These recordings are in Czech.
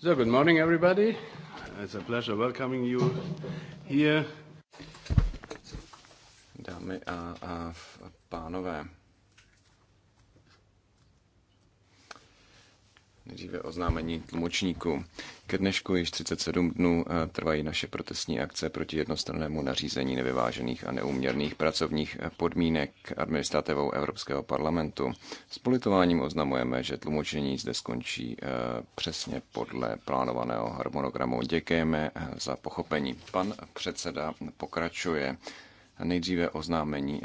So, good morning, everybody. It's a pleasure welcoming you here. Dámy a, a pánové, Nejdříve oznámení tlumočníků. Ke dnešku již 37 dnů eh, trvají naše protestní akce proti jednostrannému nařízení nevyvážených a neuměrných pracovních eh, podmínek administrativou Evropského parlamentu. S politováním oznamujeme, že tlumočení zde skončí eh, přesně podle plánovaného harmonogramu. Děkujeme za pochopení. Pan předseda pokračuje nejdříve oznámení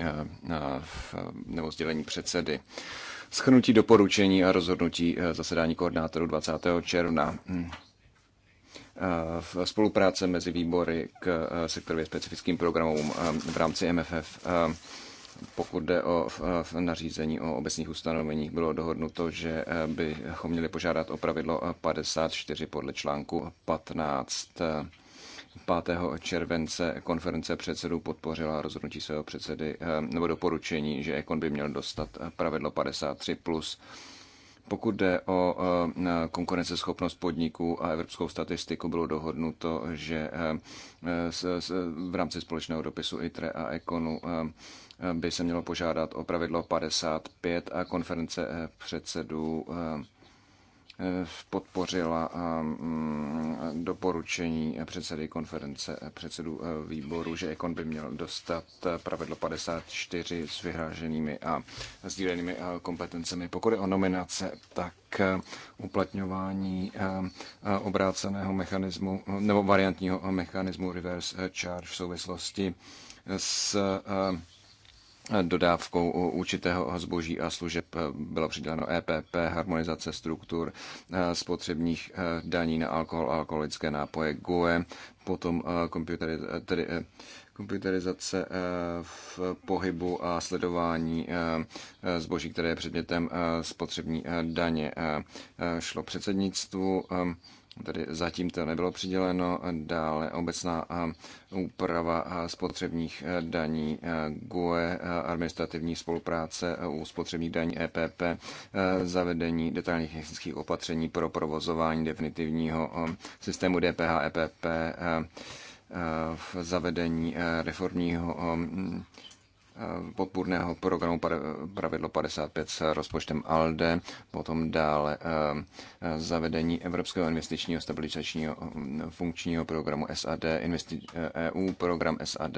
nebo sdělení předsedy schnutí doporučení a rozhodnutí eh, zasedání koordinátorů 20. června hmm. eh, v spolupráce mezi výbory k eh, sektorově specifickým programům v rámci MFF. Pokud jde o nařízení o obecných ustanoveních, bylo dohodnuto, že bychom měli požádat o pravidlo 54 podle článku 15 5. července konference předsedů podpořila rozhodnutí svého předsedy eh, nebo doporučení, že Ekon by měl dostat eh, pravidlo 53+. Plus. Pokud jde o eh, konkurenceschopnost podniků a evropskou statistiku, bylo dohodnuto, že v rámci společného dopisu ITRE a Ekonu by se mělo požádat o pravidlo 55 a konference předsedů Eh, podpořila eh, mm, doporučení předsedy konference eh, předsedu výboru, že Ekon by měl dostat pravidlo 54 s vyhráženými a sdílenými kompetencemi. Pokud je o nominace, tak uplatňování obráceného mechanismu nebo variantního mechanismu reverse charge v souvislosti s dodávkou určitého zboží a služeb eh, bylo přidáno EPP, harmonizace struktur eh, spotřebních eh, daní na alkohol a alkoholické nápoje GUE, potom komputerizace v pohybu a sledování zboží, které je předmětem spotřební daně, šlo předsednictvu Tedy zatím to nebylo přiděleno. Dále obecná úprava spotřebních e, daní e, GUE, e, administrativní spolupráce u spotřebních daní EPP, zavedení detailních technických opatření pro provozování definitivního systému DPH EPP, v zavedení reformního podpůrného programu pravidlo 55 s rozpočtem ALDE, potom dále eh, eh, zavedení Evropského investičního stabilizačního mm, funkčního programu SAD, investi- EU eh, e program SAD,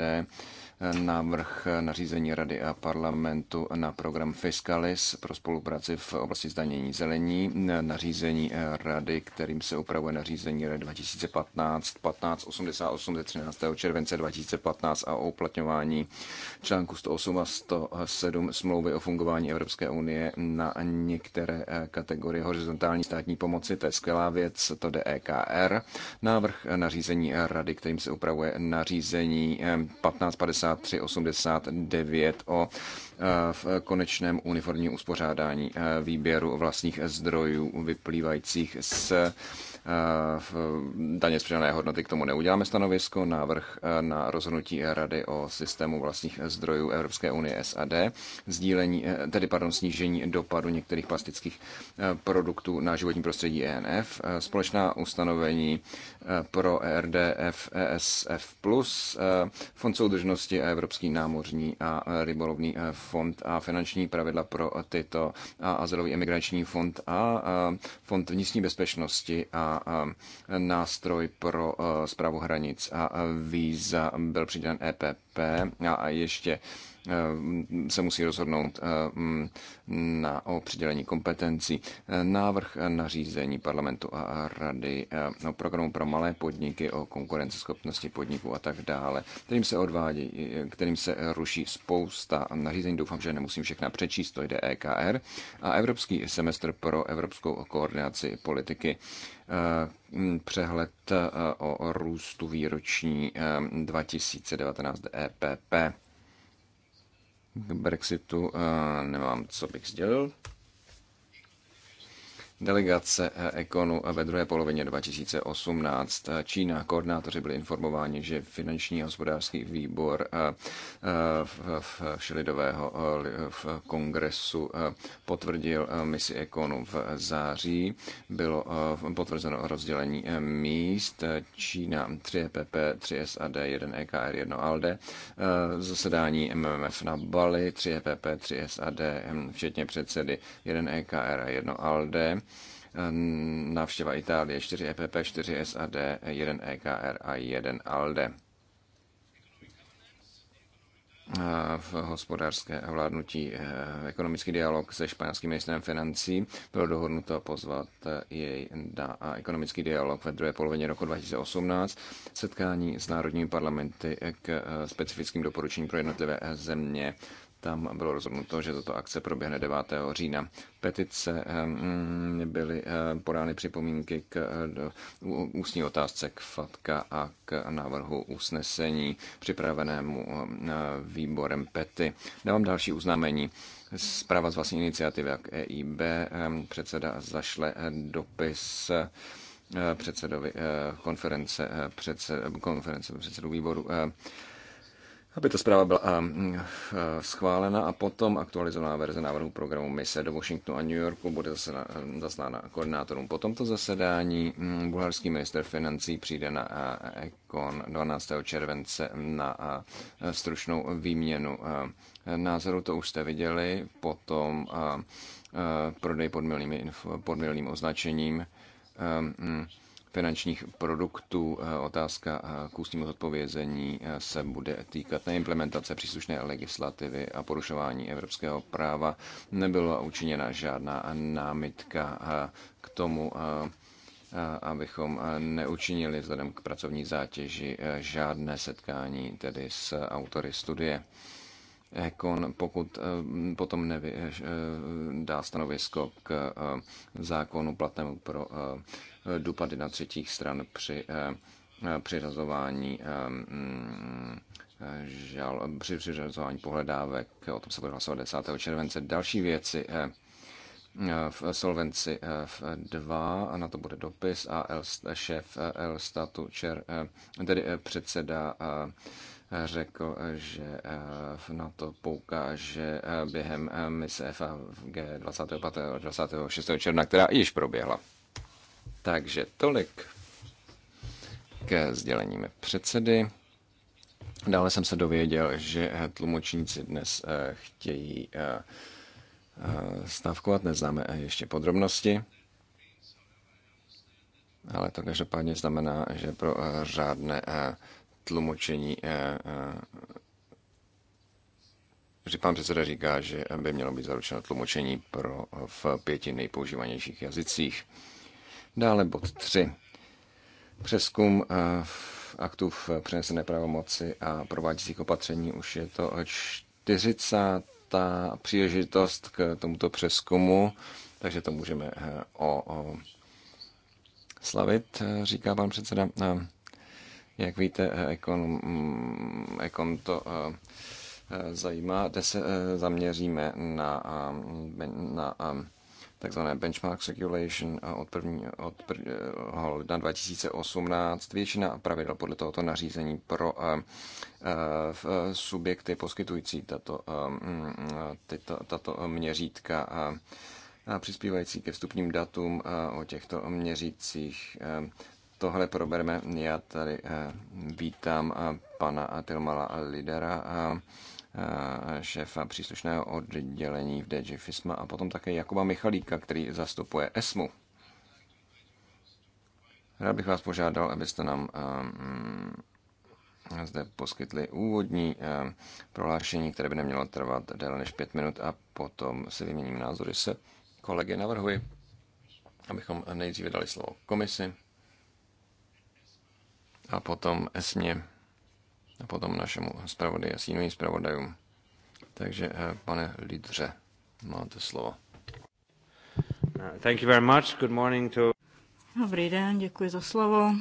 návrh nařízení Rady a parlamentu na program Fiscalis pro spolupráci v oblasti zdanění zelení, nařízení Rady, kterým se upravuje nařízení Rady 2015 1588 ze 13. července 2015 a o uplatňování článku 108 a 107 smlouvy o fungování Evropské unie na některé eh, kategorie horizontální státní pomoci. To je skvělá věc, to jde EKR. Návrh nařízení Rady, kterým se upravuje nařízení 1550 eh, 8389 o eh, v konečném uniformním uspořádání eh, výběru vlastních zdrojů vyplývajících z Eh, daně z přidané hodnoty k tomu neuděláme stanovisko, návrh eh, na rozhodnutí Rady o systému vlastních zdrojů Evropské unie SAD, sdílení, eh, tedy pardon, snížení dopadu některých plastických produktů na životní prostředí ENF, společná ustanovení pro e RDF, ESF+, Fond soudržnosti a Evropský námořní a rybolovný fond a finanční pravidla pro tyto a azylový emigrační fond a fond vnitřní bezpečnosti a nástroj pro zprávu hranic a víza byl přidělen EPP EPP a ještě e, se musí rozhodnout e, na, o přidělení kompetencí. E, návrh nařízení parlamentu a rady o programu pro malé podniky, o konkurenceschopnosti podniků a tak dále, kterým se odvádí, kterým se ruší spousta nařízení. Doufám, že nemusím všechna přečíst, to jde EKR. A Evropský semestr pro evropskou koordinaci politiky Mm, přehled eh, o růstu výroční 2019 eh, EPP. K Brexitu eh, nemám, co bych sdělil delegace eh, Ekonu eh, ve druhé polovině 2018. Eh, Čína koordinátoři byli informováni, že finanční a hospodářský výbor Všelidového v kongresu potvrdil misi Ekonu v září. Bylo potvrzeno rozdělení míst Čína 3 e PP, 3 SAD, 1 EKR, 1 ALDE, zasedání MMF na Bali, 3 PP, 3 SAD, včetně předsedy 1 EKR a 1 ALDE návštěva Itálie 4 EPP, 4 SAD, 1 EKR a 1 e ALDE. V hospodářské vládnutí eh, ekonomický dialog se španělským ministrem financí bylo dohodnuto pozvat eh, jej na ekonomický dialog ve druhé polovině roku 2018, setkání s národními parlamenty eh, k specifickým doporučením pro jednotlivé země tam bylo rozhodnuto, že toto akce proběhne 9. října. Petice ehm, byly ehm, podány připomínky k ústní otázce k FATKA a k návrhu usnesení připravenému ehm, výborem PETY. Dávám další uznámení. Zpráva z vlastní iniciativy jak EIB. Předseda zašle eh, dopis eh, předsedovi eh, konference, předsed, konference předsedu výboru aby ta zpráva byla eh, mm, eh, schválena a potom aktualizovaná verze návrhu programu mise do Washingtonu a New Yorku bude eh, zaslána koordinátorům. Po tomto zasedání mm, bulharský minister financí přijde na Ekon 12. července na stručnou výměnu názoru, to už jste viděli, potom prodej pod milným, pod milným označením. Um, finančních produktů. Eh, otázka eh, k ústnímu zodpovězení eh, se bude týkat neimplementace příslušné legislativy a porušování evropského práva. Nebyla učiněna žádná námitka k tomu, abychom neučinili vzhledem k pracovní zátěži žádné setkání tedy s autory studie. Ekon, pokud potom nevy, dá stanovisko k zákonu platnému pro dopady na třetích stran při eh, eh, přiřazování eh, mm, žal, při přiřazování pohledávek. O tom se bude hlasovat 10. července. Další věci v Solvenci F2, a na to bude dopis, a šéf Elstatu, čer, tedy předseda řekl, že na to poukáže během mise FAG 25. 26. června, která již proběhla. Takže tolik ke sdělením předsedy. Dále jsem se dověděl, že tlumočníci dnes eh, chtějí eh, eh, stavkovat, neznáme ještě podrobnosti. Ale to každopádně znamená, že pro řádné tlumočení že pan předseda říká, že by mělo být zaručeno tlumočení pro v pěti nejpoužívanějších jazycích. Dále bod 3. Přeskum eh, aktu v přenesené pravomoci a prováděcích opatření už je to 40. příležitost k tomuto přeskumu, takže to můžeme eh, o, o slavit, eh, říká pan předseda. Jak víte, Ekon, mm, Ekon to zajímá, Dnes se zaměříme na, na takzvané benchmark regulation a od, 1. od prv, eh, ledna 2018 většina pravidel podle tohoto nařízení pro uh, uh, subjekty poskytující tato, uh, tyto, tato měřítka uh, přispívající ke vstupním datům o těchto měřících. Tohle probereme. Já tady vítám pana Tilmala Lidera Eh, šéfa příslušného oddělení v DG FISMA a potom také Jakuba Michalíka, který zastupuje ESMU. Rád bych vás požádal, abyste nám eh, mm, zde poskytli úvodní eh, prohlášení, které by nemělo trvat déle než pět minut a potom si vyměním názory se kolegy. Navrhuji, abychom nejdříve dali slovo komisi a potom esmě a potom našemu zpravodaji a sínovým zpravodajům. Takže, eh, pane lídře, máte slovo. Uh, thank you very much. Good morning to... Dobrý den, děkuji za slovo.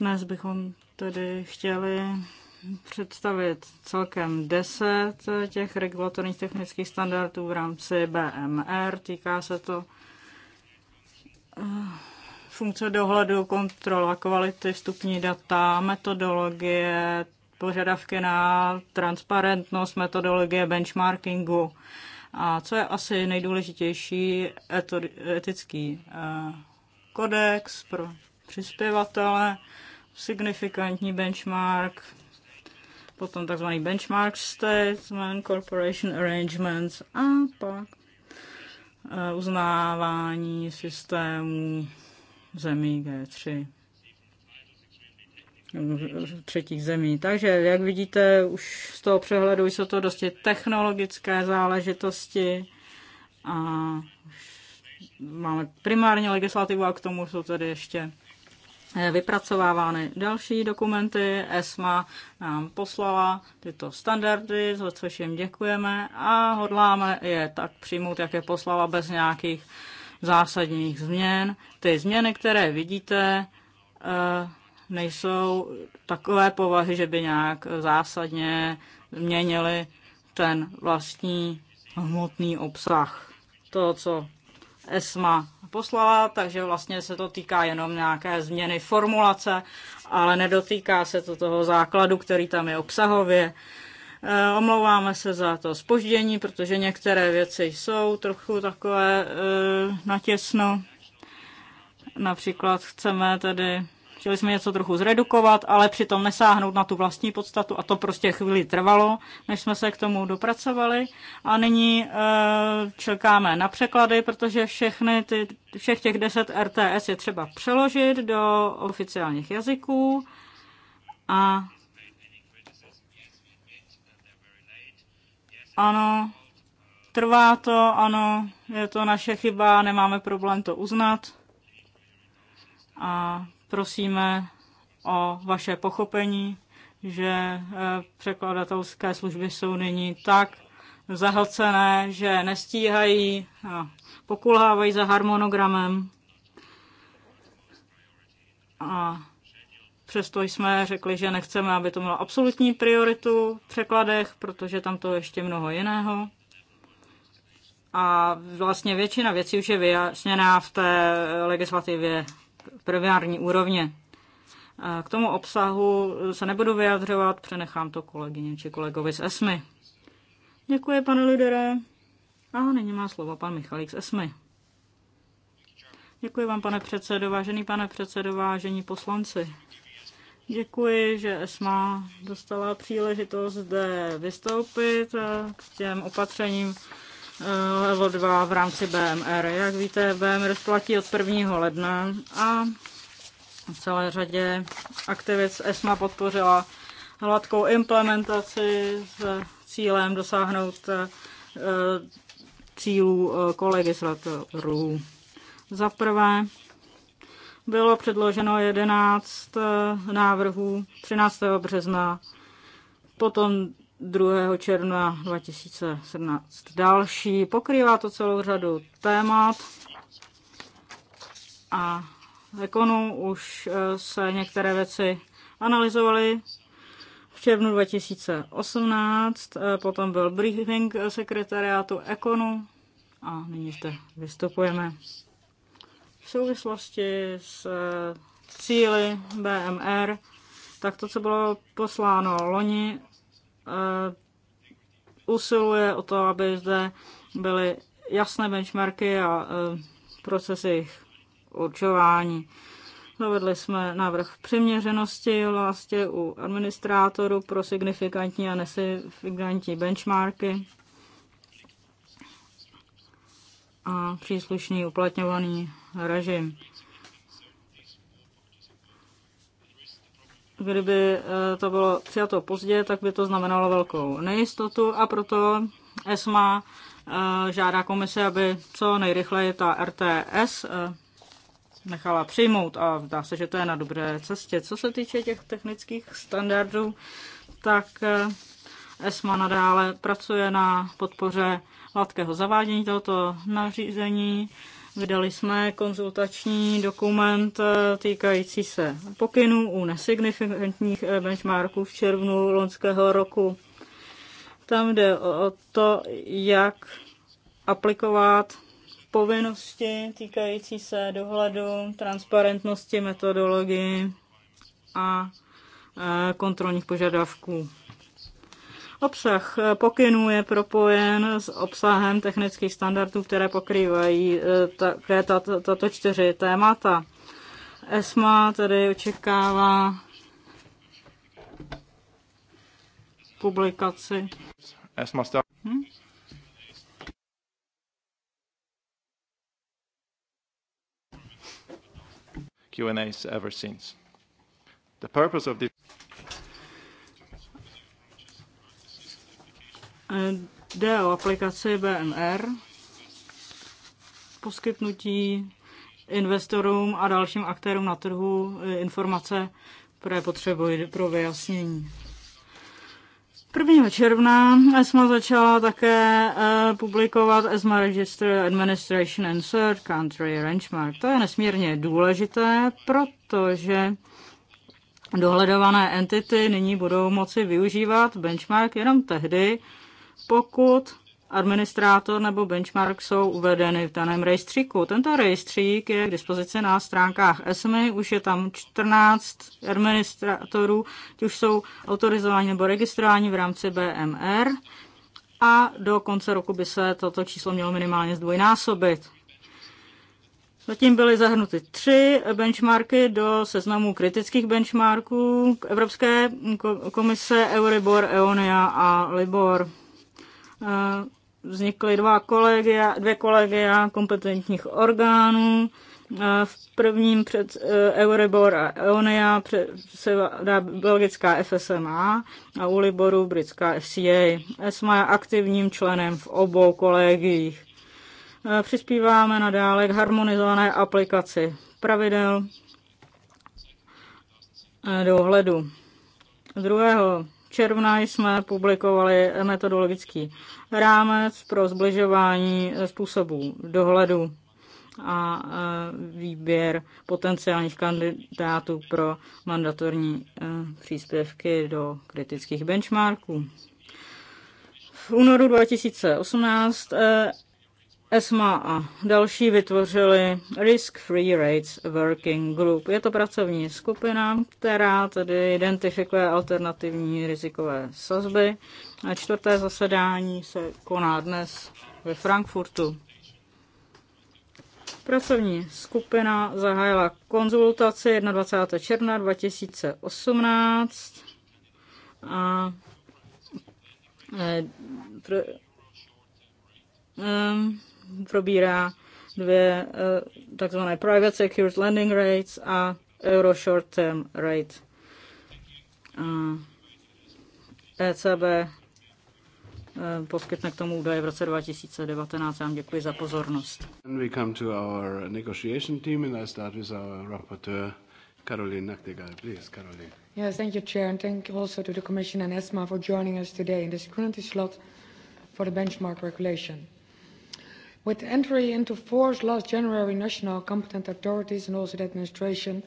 Dnes bychom tedy chtěli představit celkem 10 těch regulatorních technických standardů v rámci BMR. Týká se to eh, funkce dohledu, kontrola kvality, stupní data, metodologie, požadavky na transparentnost, metodologie benchmarkingu. A co je asi nejdůležitější, etický eh, kodex pro přispěvatele, signifikantní benchmark, potom tzv. benchmark statement, corporation arrangements a pak eh, uznávání systémů zemí G3 třetích zemí. Takže, jak vidíte, už z toho přehledu jsou to dosti technologické záležitosti a máme primárně legislativu a k tomu jsou tady ještě eh, vypracovávány další dokumenty. ESMA nám poslala tyto standardy, za což jim děkujeme a hodláme je tak přijmout, jak je poslala, bez nějakých zásadních změn. Ty změny, které vidíte, eh, nejsou takové povahy, že by nějak zásadně měnili ten vlastní hmotný obsah. To, co ESMA poslala, takže vlastně se to týká jenom nějaké změny formulace, ale nedotýká se to toho základu, který tam je obsahově. Eh, omlouváme se za to spoždění, protože některé věci jsou trochu takové eh, natěsno. Například chceme tedy chtěli jsme něco trochu zredukovat, ale přitom nesáhnout na tu vlastní podstatu a to prostě chvíli trvalo, než jsme se k tomu dopracovali. A nyní e, čekáme na překlady, protože všechny ty, všech těch 10 RTS je třeba přeložit do oficiálních jazyků a Ano, trvá to, ano, je to naše chyba, nemáme problém to uznat. A prosíme o vaše pochopení, že e, překladatelské služby jsou nyní tak zahlcené, že nestíhají, pokulhávají za harmonogramem. A Přesto jsme řekli, že nechceme, aby to mělo absolutní prioritu v překladech, protože tam to ještě mnoho jiného. A vlastně většina věcí už je vyjasněná v té legislativě primární úrovně. K tomu obsahu se nebudu vyjadřovat, přenechám to kolegyně či kolegovi z ESMY. Děkuji, pane lidere. A nyní má slovo pan Michalík z ESMY. Děkuji vám, pane předsedo, vážený pane předsedo, vážení poslanci. Děkuji, že ESMA dostala příležitost zde vystoupit eh, k těm opatřením eh, level 2 v rámci BMR. Jak víte, BMR splatí od 1. ledna a v celé řadě aktivit ESMA podpořila hladkou implementaci s cílem dosáhnout eh, cílů kolegislatorů. Za prvé, bylo předloženo 11 eh, návrhů 13. března, potom 2. června 2017 další. Pokrývá to celou řadu témat a Ekonu už eh, se některé věci analyzovaly v červnu 2018, eh, potom byl briefing sekretariátu Ekonu a nyní zde vystupujeme v souvislosti s eh, cíly BMR, tak to, co bylo posláno loni, eh, usiluje o to, aby zde byly jasné benchmarky a eh, procesy jejich určování. Zavedli jsme návrh přiměřenosti vlastně u administrátoru pro signifikantní a nesignifikantní benchmarky a příslušný uplatňovaný režim. Kdyby eh, to bylo přijato pozdě, tak by to znamenalo velkou nejistotu a proto ESMA eh, žádá komise, aby co nejrychleji ta RTS eh, nechala přijmout a dá se, že to je na dobré cestě. Co se týče těch technických standardů, tak ESMA nadále pracuje na podpoře hladkého zavádění tohoto nařízení. Vydali jsme konzultační dokument eh, týkající se pokynů u nesignifikantních eh, benchmarků v červnu loňského roku. Tam jde o to, jak aplikovat povinnosti týkající se dohledu, transparentnosti, metodologii a eh, kontrolních požadavků. Obsah eh, pokynů je propojen s obsahem technických standardů, které pokrývají eh, také tato čtyři témata. ESMA tedy očekává publikaci. ESMA hm? Q&As ever since. The purpose of this Jde o aplikaci BMR, poskytnutí investorům a dalším aktérům na trhu eh, informace, které potřebují pro vyjasnění. 1. června ESMA začala také eh, publikovat ESMA Register Administration and Third Country Benchmark. To je nesmírně důležité, protože dohledované entity nyní budou moci využívat benchmark jenom tehdy, pokud administrátor nebo benchmark jsou uvedeny v daném rejstříku. Tento rejstřík je k dispozici na stránkách SMI, už je tam 14 administrátorů, ti už jsou autorizováni nebo registrováni v rámci BMR a do konce roku by se toto číslo mělo minimálně zdvojnásobit. Zatím byly zahrnuty tři benchmarky do seznamu kritických benchmarků Evropské komise Euribor, Eonia a Libor vznikly dva kolegia, dvě kolegia kompetentních orgánů. V prvním před e, Euribor a Eonia se dá belgická FSMA a u Liboru britská FCA. ESMA je aktivním členem v obou kolegiích. E, přispíváme nadále k harmonizované aplikaci pravidel e, dohledu. druhého června jsme publikovali metodologický rámec pro zbližování způsobů dohledu a e, výběr potenciálních kandidátů pro mandatorní e, příspěvky do kritických benchmarků. V únoru 2018 ESMA a další vytvořili Risk Free Rates Working Group. Je to pracovní skupina, která tedy identifikuje alternativní rizikové sazby. A čtvrté zasedání se koná dnes ve Frankfurtu. Pracovní skupina zahájila konzultaci 21. června 2018 a e, pr, e, probírá dvě eh, takzvané private secured lending rates a euro short term rate. ECB eh, poskytne k tomu údaje v roce 2019. Já vám děkuji za pozornost. And we come to our negotiation team and I start with our rapporteur Caroline Nachtigall. Please, Caroline. Yes, thank you, Chair, and thank also to the Commission and ESMA for joining us today in this current slot for the benchmark regulation. With entry into force last January, national competent authorities and also the administration.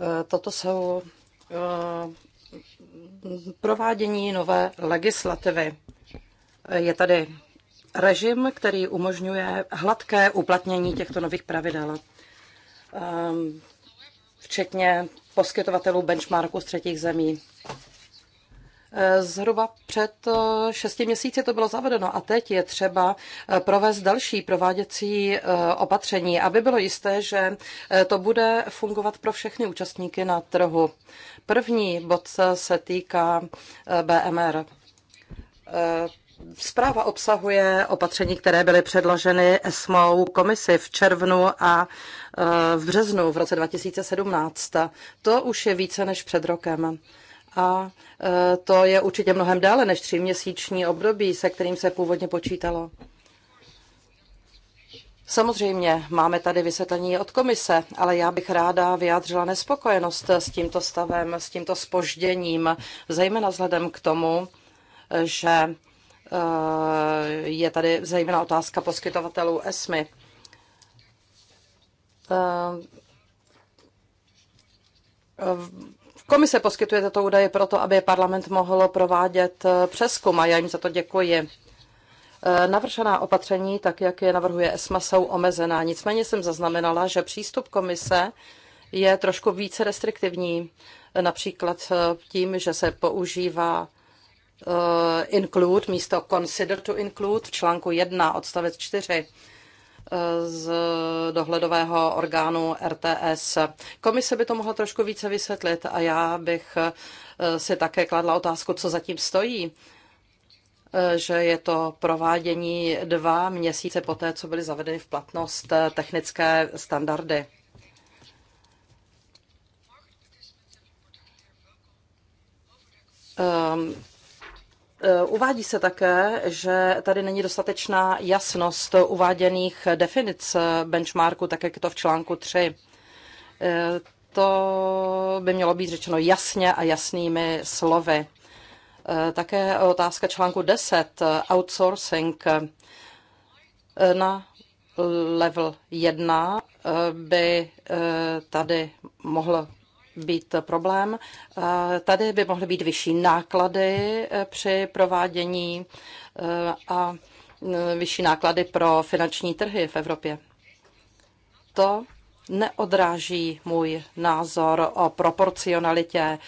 Eh, toto jsou eh, provádění nové legislativy. Eh, je tady režim, který umožňuje hladké uplatnění těchto nových pravidel, včetně poskytovatelů benchmarku z třetích zemí. Eh, zhruba před eh, šesti měsíci to bylo zavedeno a teď je třeba eh, provést další prováděcí opatření, aby bylo jisté, že to bude fungovat pro všechny účastníky na trhu. První bod se týká BMR. Zpráva obsahuje opatření, které byly předloženy ESMO komisi v červnu a v březnu v roce 2017. To už je více než před rokem a e, to je určitě mnohem déle než tříměsíční období, se kterým se původně počítalo. Samozřejmě máme tady vysvětlení od komise, ale já bych ráda vyjádřila nespokojenost s tímto stavem, s tímto spožděním, zejména vzhledem k tomu, že e, je tady zejména otázka poskytovatelů ESMY. E, Komise poskytuje tato údaje proto, aby parlament mohl provádět eh, přeskum a já jim za to děkuji. Eh, Navršená opatření, tak jak je navrhuje ESMA, jsou omezená. Nicméně jsem zaznamenala, že přístup komise je trošku více restriktivní, eh, například tím, že se používá include místo consider to include v článku 1 odstavec 4 z dohledového orgánu RTS. Komise by to mohla trošku více vysvětlit a já bych eh, si také kladla otázku, co zatím stojí eh, že je to provádění dva měsíce poté, co byly zavedeny v platnost eh, technické standardy. Ehm, E, uvádí se také, že tady není dostatečná jasnost uváděných definic benchmarku, tak jak je to v článku 3. E, to by mělo být řečeno jasně a jasnými slovy. E, také otázka článku 10, outsourcing na level 1 by tady mohl být problém. Eh, tady by mohly být vyšší náklady eh, při provádění eh, a vyšší náklady pro finanční trhy v Evropě. To neodráží můj názor o proporcionalitě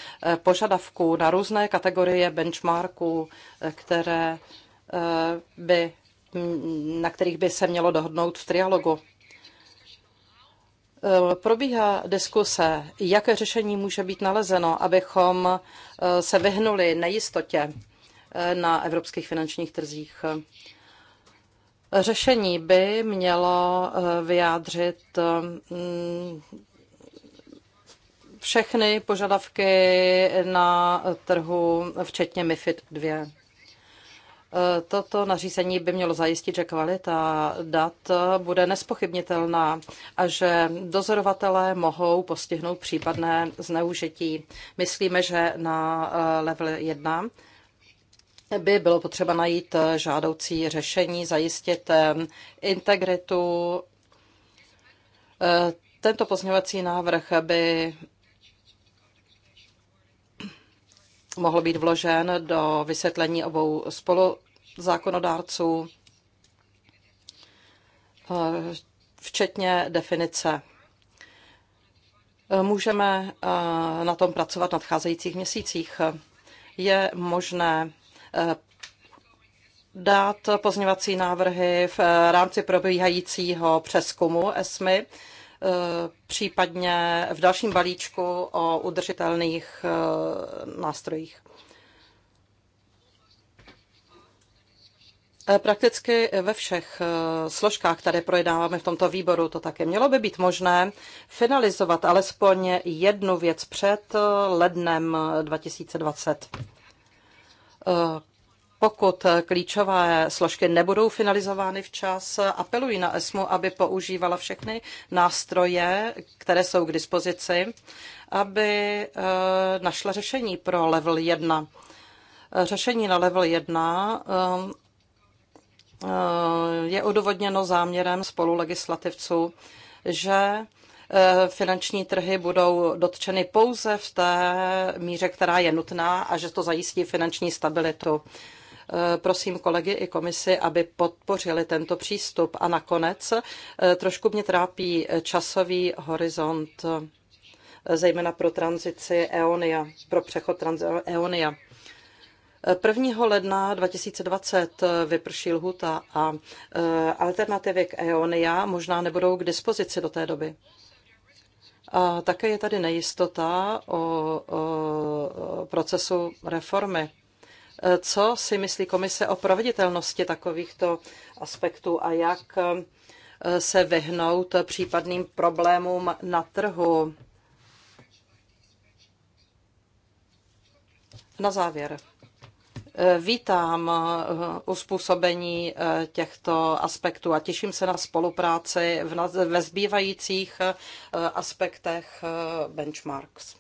požadavků na různé kategorie benchmarků, které by, na kterých by se mělo dohodnout v trialogu. Eh, probíhá diskuse, jaké řešení může být nalezeno, abychom eh, se vyhnuli nejistotě eh, na evropských finančních trzích. Řešení by mělo vyjádřit všechny požadavky na trhu, včetně MIFID 2. Toto nařízení by mělo zajistit, že kvalita dat bude nespochybnitelná a že dozorovatelé mohou postihnout případné zneužití. Myslíme, že na eh, level 1 by bylo potřeba najít eh, žádoucí řešení, zajistit eh, integritu. Tento pozměňovací návrh by mohl být vložen do vysvětlení obou spoluzákonodárců, eh, včetně definice. Můžeme eh, na tom pracovat v nadcházejících měsících. Je možné eh, dát pozněvací návrhy v rámci probíhajícího přeskumu ESMY Eh, případně v dalším balíčku o udržitelných eh, nástrojích. Eh, prakticky ve všech složkách, které projednáváme v tomto výboru, to také mělo by být možné finalizovat alespoň jednu věc před lednem 2020 pokud klíčové složky nebudou finalizovány včas, apeluji na ESMU, aby používala všechny nástroje, které jsou k dispozici, aby eh, našla řešení pro level 1. Řešení na level 1 eh, je odůvodněno záměrem spolulegislativců, že eh, finanční trhy budou dotčeny pouze v té míře, která je nutná a že to zajistí finanční stabilitu. Eh, prosím kolegy i komisi, aby podpořili tento přístup. A nakonec eh, trošku mě trápí časový horizont, eh, zejména pro tranzici EONIA, pro přechod EONIA. 1. ledna 2020 vyprší lhuta a alternativy k EONIA možná nebudou k dispozici do té doby. A také je tady nejistota o, o procesu reformy. Eh, co si myslí komise o proveditelnosti takovýchto aspektů a jak eh, se vyhnout případným problémům na trhu. Na závěr. Eh, vítám uspůsobení těchto aspektů a těším se na spolupráci ve zbývajících aspektech benchmarks.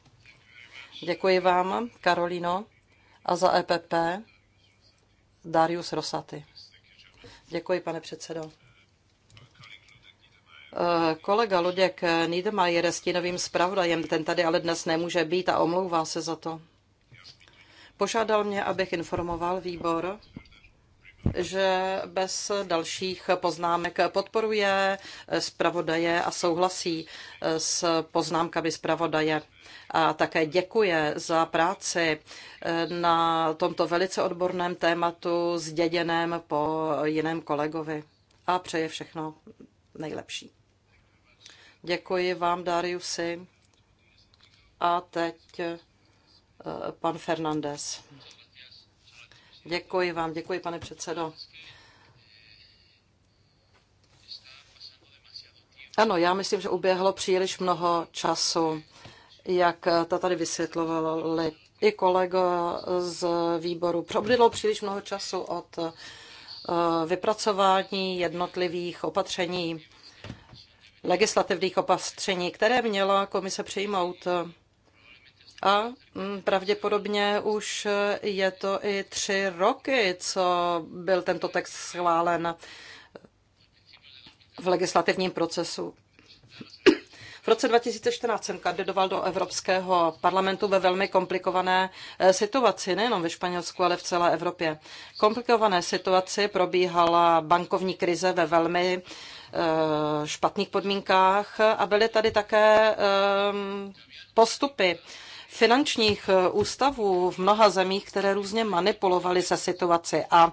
Děkuji vám, Karolino. A za EPP Darius Rosaty. Děkuji, pane předsedo. Eh, kolega Luděk Niedermayer je stínovým zpravodajem, ten tady ale dnes nemůže být a omlouvá se za to. Požádal mě, abych informoval výbor že bez dalších poznámek podporuje zpravodaje a souhlasí s poznámkami zpravodaje. A také děkuje za práci na tomto velice odborném tématu zděděném po jiném kolegovi. A přeje všechno nejlepší. Děkuji vám, Dariusi. A teď eh, pan Fernandez. Děkuji vám, děkuji, pane předsedo. Ano, já myslím, že uběhlo příliš mnoho času, jak to tady vysvětlovali i kolega z výboru. Proběhlo příliš mnoho času od eh, vypracování jednotlivých opatření, legislativních opatření, které měla komise přijmout eh, a mm, pravděpodobně už je to i tři roky, co byl tento text schválen v legislativním procesu. V roce 2014 jsem kandidoval do Evropského parlamentu ve velmi komplikované eh, situaci, nejenom ve Španělsku, ale v celé Evropě. Komplikované situaci probíhala bankovní krize ve velmi eh, špatných podmínkách a byly tady také eh, postupy finančních eh, ústavů v mnoha zemích, které různě manipulovaly se situaci a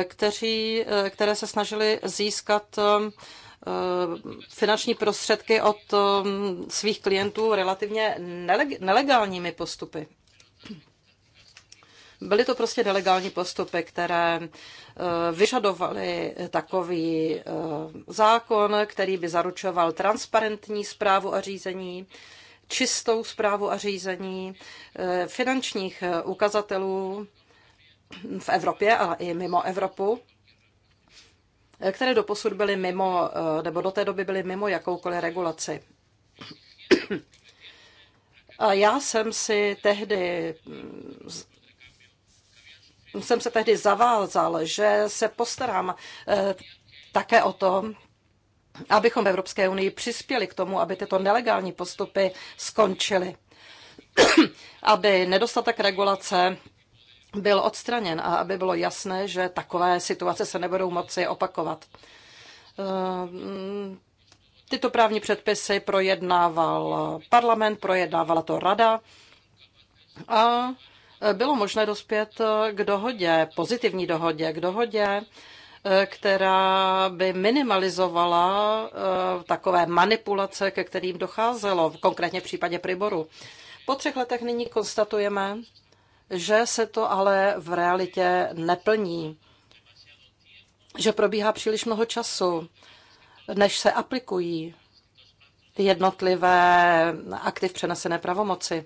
eh, kteří, eh, které se snažili získat finanční prostředky od svých klientů relativně nelegálními postupy. Byly to prostě nelegální postupy, které vyžadovaly takový zákon, který by zaručoval transparentní zprávu a řízení čistou zprávu a řízení eh, finančních eh, ukazatelů v Evropě, ale i mimo Evropu, eh, které doposud byly mimo, nebo do té doby byly mimo jakoukoliv regulaci. A já jsem si tehdy mm, jsem se tehdy zavázal, že se postarám také o to, abychom v Evropské unii přispěli k tomu, aby tyto nelegální postupy skončily, aby nedostatek regulace byl odstraněn a aby bylo jasné, že takové situace se nebudou moci opakovat. Eh, tyto právní předpisy projednával parlament, projednávala to rada a bylo možné dospět k dohodě, pozitivní dohodě, k dohodě, Eh, která by minimalizovala eh, takové manipulace, ke kterým docházelo, konkrétně v případě Priboru. Po třech letech nyní konstatujeme, že se to ale v realitě neplní, že probíhá příliš mnoho času, než se aplikují ty jednotlivé akty v přenesené pravomoci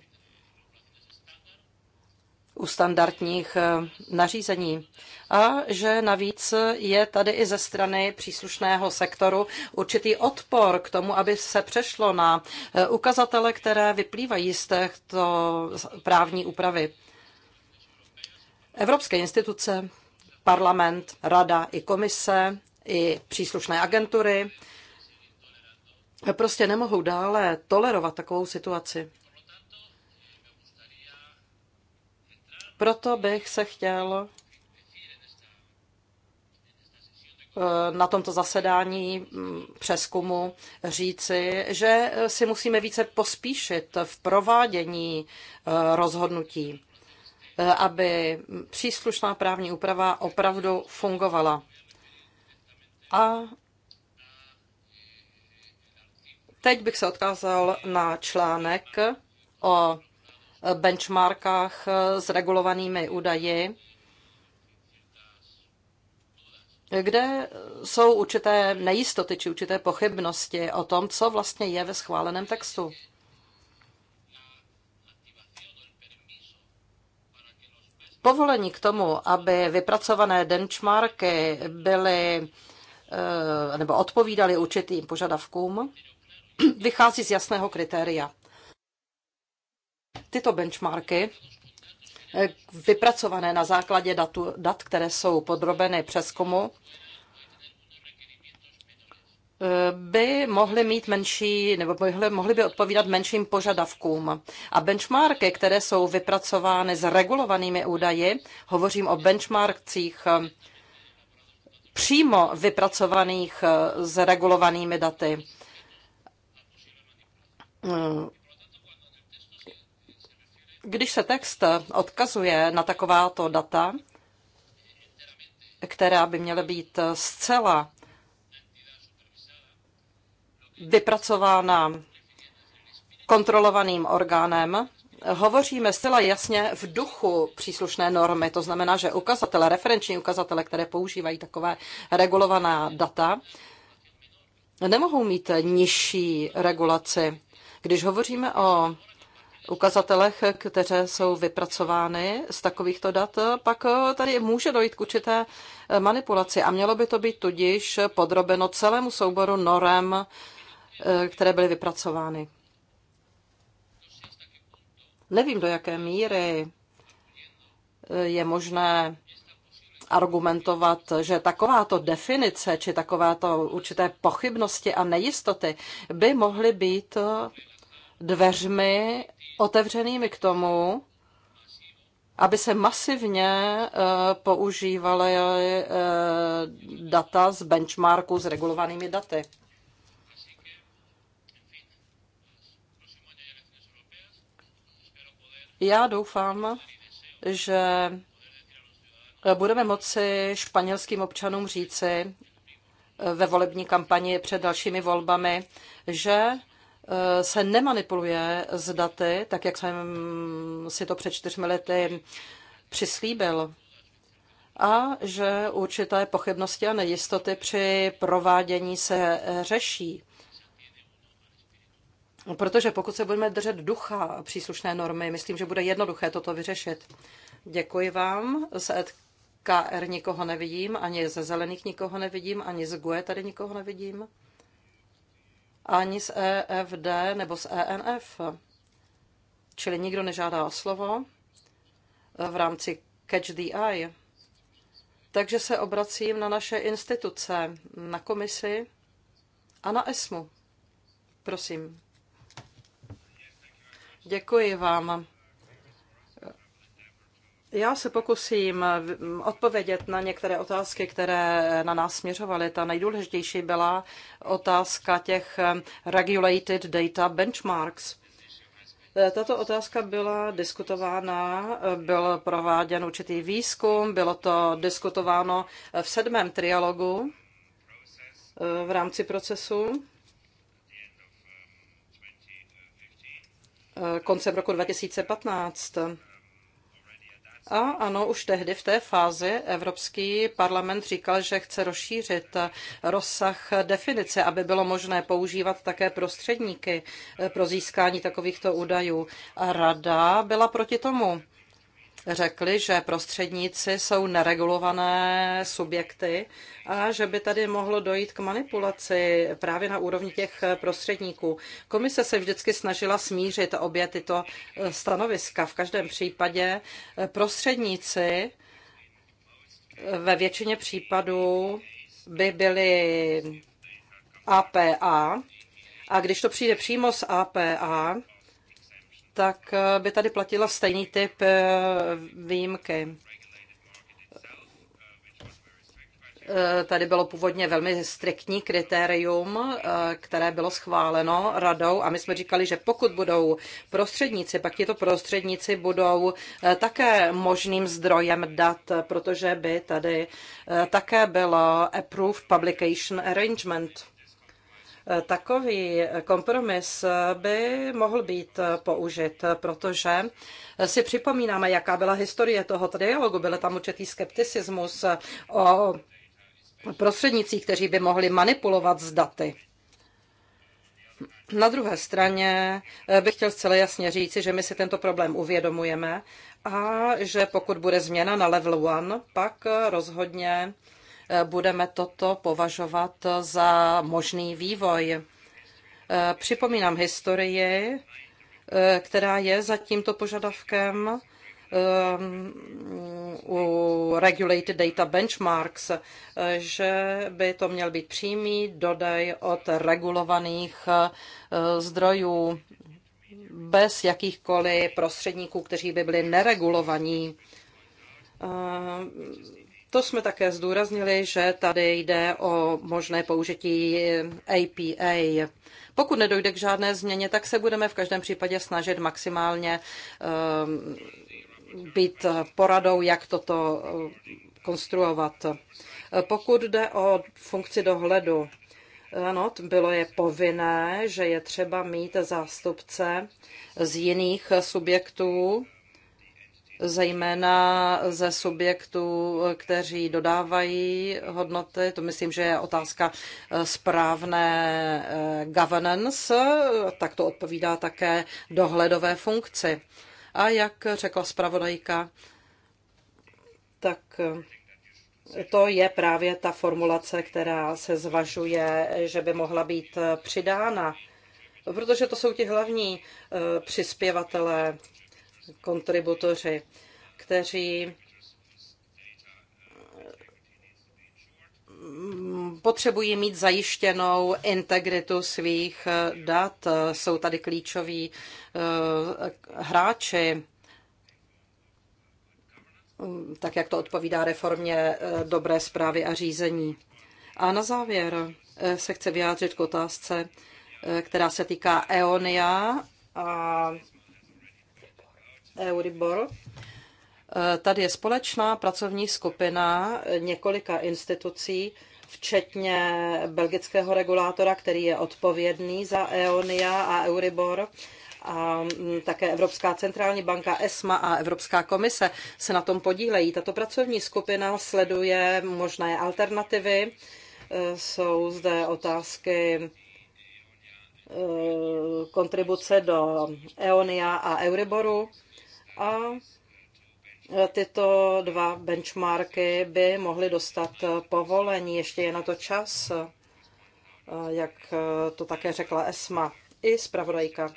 u standardních eh, nařízení. A že navíc je tady i ze strany příslušného sektoru určitý odpor k tomu, aby se přešlo na eh, ukazatele, které vyplývají z této právní úpravy. Evropské instituce, parlament, rada i komise, i příslušné agentury prostě nemohou dále tolerovat takovou situaci. Proto bych se chtěl eh, na tomto zasedání mm, přeskumu říci, že si musíme více pospíšit v provádění eh, rozhodnutí, eh, aby příslušná právní úprava opravdu fungovala. A teď bych se odkázal na článek o benchmarkách s regulovanými údaji, kde jsou určité nejistoty či určité pochybnosti o tom, co vlastně je ve schváleném textu. Povolení k tomu, aby vypracované benchmarky byly eh, nebo odpovídaly určitým požadavkům, vychází z jasného kritéria. Tyto benchmarky eh, vypracované na základě datu, dat, které jsou podrobeny přeskumu, eh, by mohly mít menší, nebo mohly, mohly by odpovídat menším požadavkům. A benchmarky, které jsou vypracovány s regulovanými údaji, hovořím o benchmarkcích eh, přímo vypracovaných s regulovanými daty, když se text odkazuje na takováto data, která by měla být zcela vypracována kontrolovaným orgánem, hovoříme zcela jasně v duchu příslušné normy. To znamená, že ukazatele, referenční ukazatele, které používají takové regulovaná data, nemohou mít nižší regulaci. Když hovoříme o ukazatelech, které jsou vypracovány z takovýchto dat, pak eh, tady může dojít k určité eh, manipulaci a mělo by to být tudíž podrobeno celému souboru norem, eh, které byly vypracovány. Nevím, do jaké míry je možné argumentovat, že takováto definice či takováto určité pochybnosti a nejistoty by mohly být dveřmi otevřenými k tomu, aby se masivně eh, používaly eh, data z benchmarku s regulovanými daty. Já doufám, že budeme moci španělským občanům říci eh, ve volební kampani před dalšími volbami, že Eh, se nemanipuluje s daty, tak jak jsem si to před čtyřmi lety přislíbil a že určité pochybnosti a nejistoty při provádění se řeší. Protože pokud se budeme držet ducha příslušné normy, myslím, že bude jednoduché toto vyřešit. Děkuji vám. Z KR nikoho nevidím, ani ze zelených nikoho nevidím, ani z GUE tady nikoho nevidím ani z EFD nebo z ENF. Čili nikdo nežádá o slovo v rámci Catch the Eye. Takže se obracím na naše instituce, na komisi a na ESMu. Prosím. Děkuji vám. Já se pokusím odpovědět na některé otázky, které na nás směřovaly. Ta nejdůležitější byla otázka těch regulated data benchmarks. E, tato otázka byla diskutována, e, byl prováděn určitý výzkum, bylo to diskutováno v sedmém trialogu e, v rámci procesu. koncem roku 2015 a ano, už tehdy v té fázi Evropský parlament říkal, že chce rozšířit rozsah definice, aby bylo možné používat také prostředníky eh, pro získání takovýchto údajů. Rada byla proti tomu řekli, že prostředníci jsou neregulované subjekty a že by tady mohlo dojít k manipulaci právě na úrovni těch prostředníků. Komise se vždycky snažila smířit obě tyto stanoviska. V každém případě prostředníci ve většině případů by byli APA a když to přijde přímo z APA, tak eh, by tady platila stejný typ eh, výjimky. Eh, tady bylo původně velmi striktní kritérium, které bylo schváleno radou a my jsme říkali, že pokud budou prostředníci, pak tyto prostředníci budou také možným zdrojem dat, protože by tady také bylo approved publication arrangement. Takový kompromis by mohl být použit, protože si připomínáme, jaká byla historie toho dialogu. Byl tam určitý skepticismus o prostřednicích, kteří by mohli manipulovat s daty. Na druhé straně bych chtěl zcela jasně říci, že my si tento problém uvědomujeme a že pokud bude změna na level one, pak rozhodně budeme toto považovat za možný vývoj. Eh, připomínám historii, eh, která je za tímto požadavkem eh, u Regulated Data Benchmarks, že by to měl být přímý dodej od regulovaných zdrojů bez jakýchkoliv prostředníků, kteří by byli neregulovaní. To jsme také zdůraznili, že tady jde o možné použití APA. Eh, pokud nedojde k žádné změně, tak se budeme v každém případě snažit maximálně eh, být poradou, jak toto eh, konstruovat. Pokud jde o funkci dohledu, ano, bylo je povinné, že je třeba mít zástupce z jiných subjektů, zejména ze subjektů, kteří dodávají hodnoty. To myslím, že je otázka eh, správné eh, governance, tak to odpovídá také dohledové funkci. A jak řekla zpravodajka, tak eh, to je právě ta formulace, která se zvažuje, že by mohla být přidána, protože to jsou ti hlavní přispěvatelé kontributoři, kteří mm, potřebují mít zajištěnou integritu svých dat. Jsou tady klíčoví eh, hráči, tak jak to odpovídá reformě eh, dobré zprávy a řízení. A na závěr eh, se chce vyjádřit k otázce, která se týká EONIA a Euribor. Eh, tady je společná pracovní skupina několika institucí, včetně belgického regulátora, který je odpovědný za EONIA a Euribor a mm, také Evropská centrální banka ESMA a Evropská komise se na tom podílejí. Tato pracovní skupina sleduje možné alternativy. Eh, jsou zde otázky eh, kontribuce do EONIA a Euriboru a tyto dva benchmarky by mohly dostat povolení. Ještě je na to čas, jak to také řekla ESMA i zpravodajka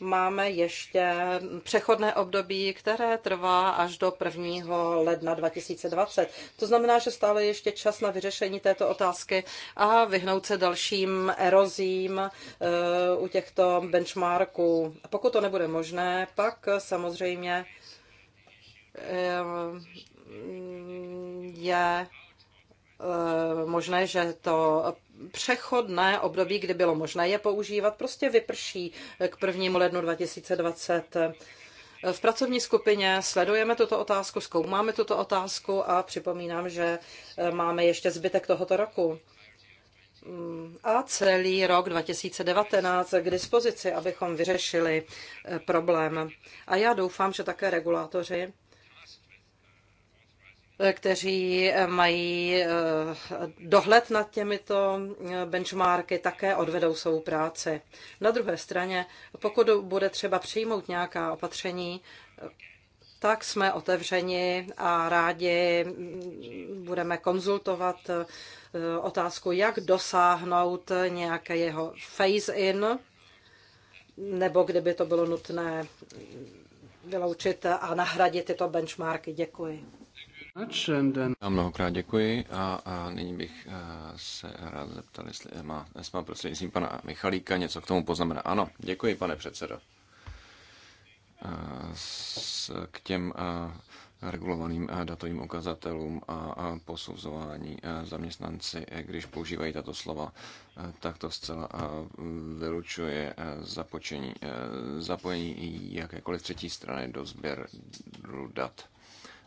máme ještě přechodné období, které trvá až do 1. ledna 2020. To znamená, že stále ještě čas na vyřešení této otázky a vyhnout se dalším erozím eh, u těchto benchmarků. Pokud to nebude možné, pak samozřejmě eh, je eh, možné, že to přechodné období, kdy bylo možné je používat, prostě vyprší k 1. lednu 2020. V pracovní skupině sledujeme tuto otázku, zkoumáme tuto otázku a připomínám, že eh, máme ještě zbytek tohoto roku mm, a celý rok 2019 k dispozici, abychom vyřešili eh, problém. A já doufám, že také regulátoři kteří eh, mají eh, dohled nad těmito eh, benchmarky, také odvedou svou práci. Na druhé straně, pokud bude třeba přijmout nějaká opatření, tak jsme otevřeni a rádi mm, budeme konzultovat otázku, jak dosáhnout nějakého phase-in, nebo kdyby to bylo nutné mm, vyloučit a nahradit tyto benchmarky. Děkuji. Já mnohokrát děkuji a, a nyní bych eh, se rád zeptal, jestli má, má prostřednictvím pana Michalíka něco k tomu poznamená. Ano, děkuji, pane předsedo. Eh, s, k těm eh, regulovaným datovým ukazatelům a posuzování zaměstnanci, když používají tato slova, tak to zcela vylučuje započení, zapojení jakékoliv třetí strany do sběru dat.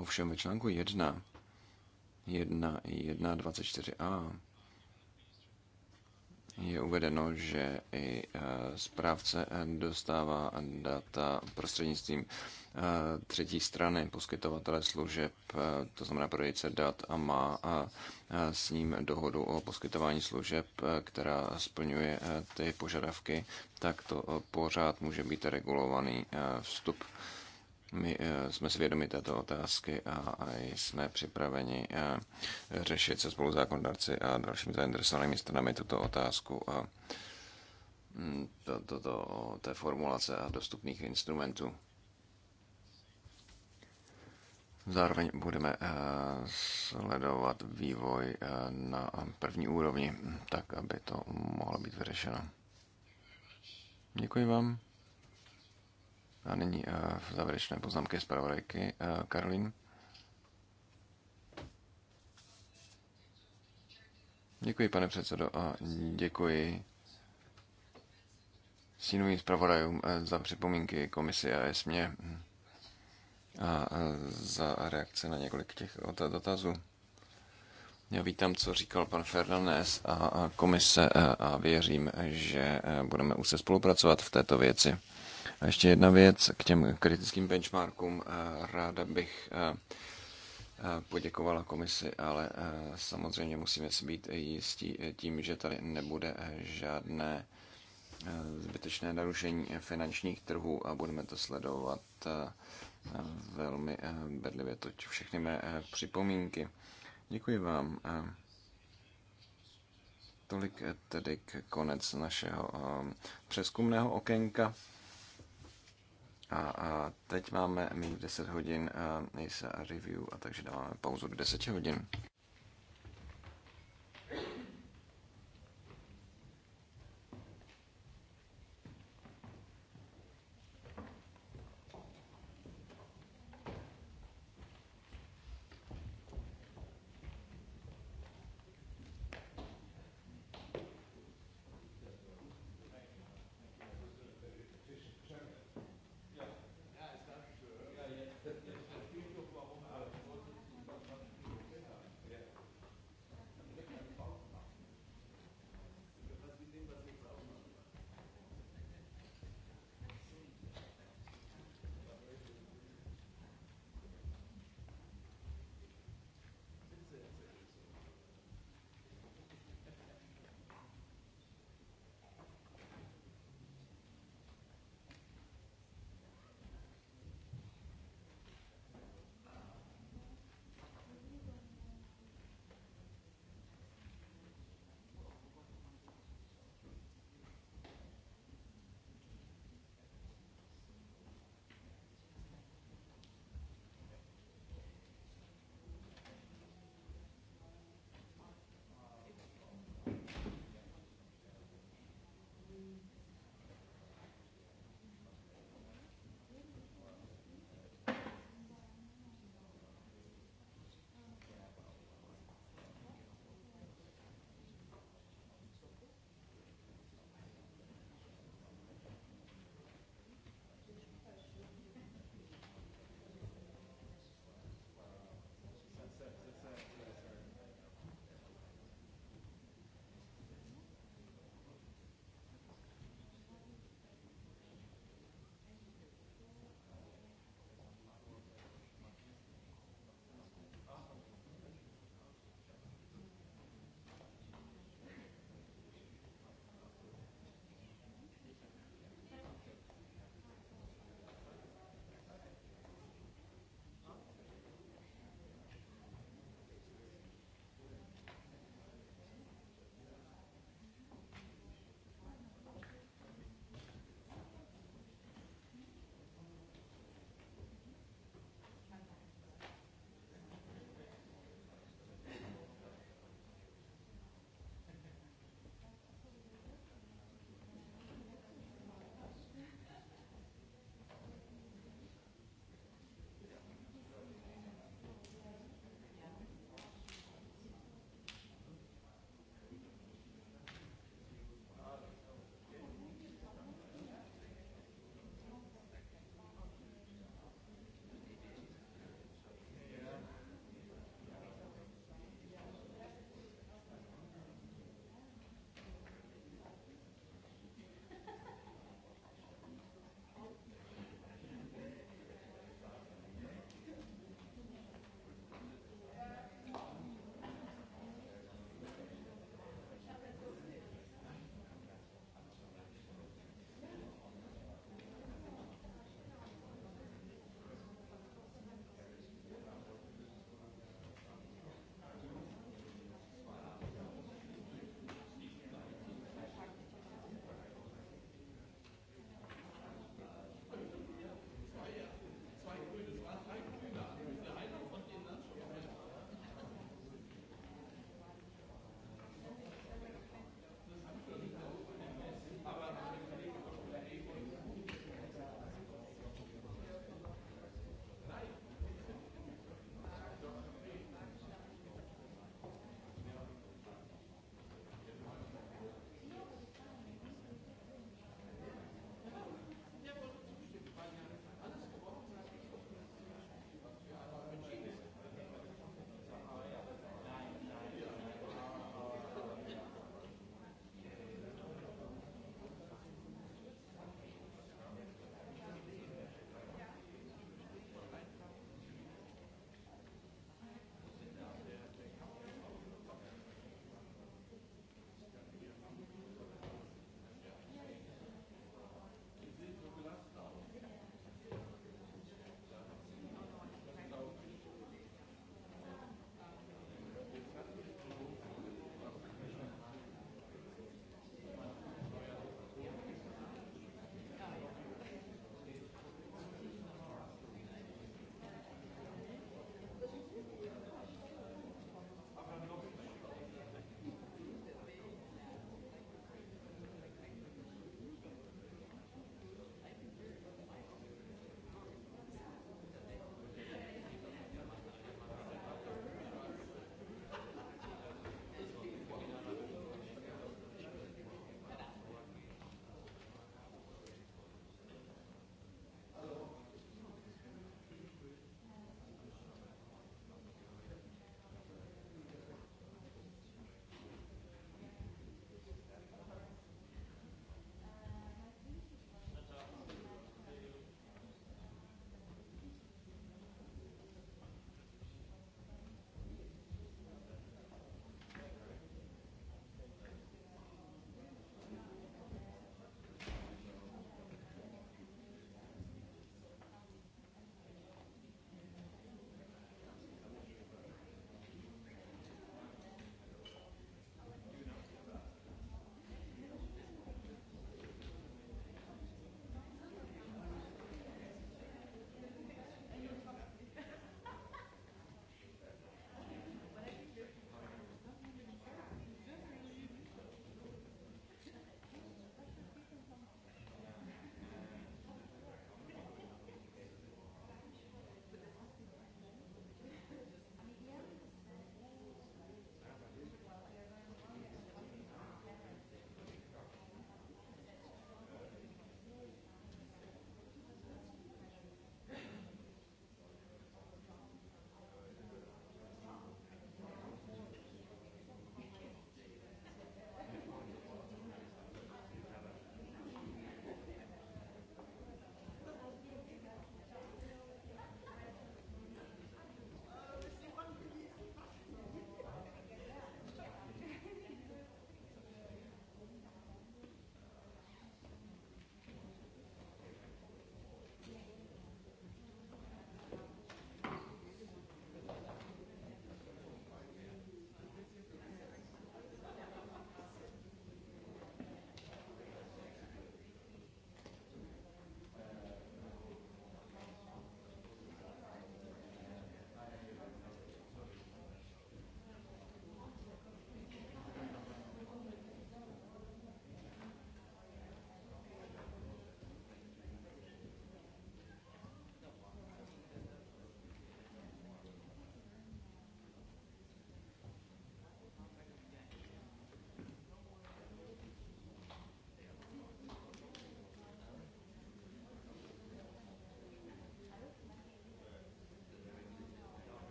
Ovšem ve článku 1, 1, 1, 24a je uvedeno, že i e, správce e, dostává data prostřednictvím e, třetí strany poskytovatele služeb, to znamená prodejce dat a má s ním dohodu o poskytování služeb, která splňuje ty požadavky, tak to pořád může být regulovaný vstup my eh, jsme si vědomi této otázky a jsme připraveni eh, řešit se spoluzákonodárci a dalšími zainteresovanými stranami tuto otázku a mm, to, to, to, té formulace a dostupných instrumentů. Zároveň budeme eh, sledovat vývoj na první úrovni, tak aby to mohlo být vyřešeno. Děkuji vám. A nyní eh, v závěrečné poznámky z pravodajky eh, Karolín. Děkuji, pane předsedo, a děkuji sínovým zpravodajům eh, za připomínky komisi a jesmě a za reakce na několik těch dotazů. Já vítám, co říkal pan Fernández a komise a věřím, že budeme už se spolupracovat v této věci. A ještě jedna věc k těm kritickým benchmarkům. Eh, ráda bych eh, eh, poděkovala komisi, ale samozřejmě musíme si být jistí tím, že tady nebude žádné zbytečné narušení finančních trhů a budeme to sledovat velmi bedlivě. Toť všechny mé připomínky. Děkuji vám. Tolik tedy konec našeho přeskumného okénka. A, a teď máme mít 10 hodin a nejsa review, a takže dáváme pauzu do 10 hodin.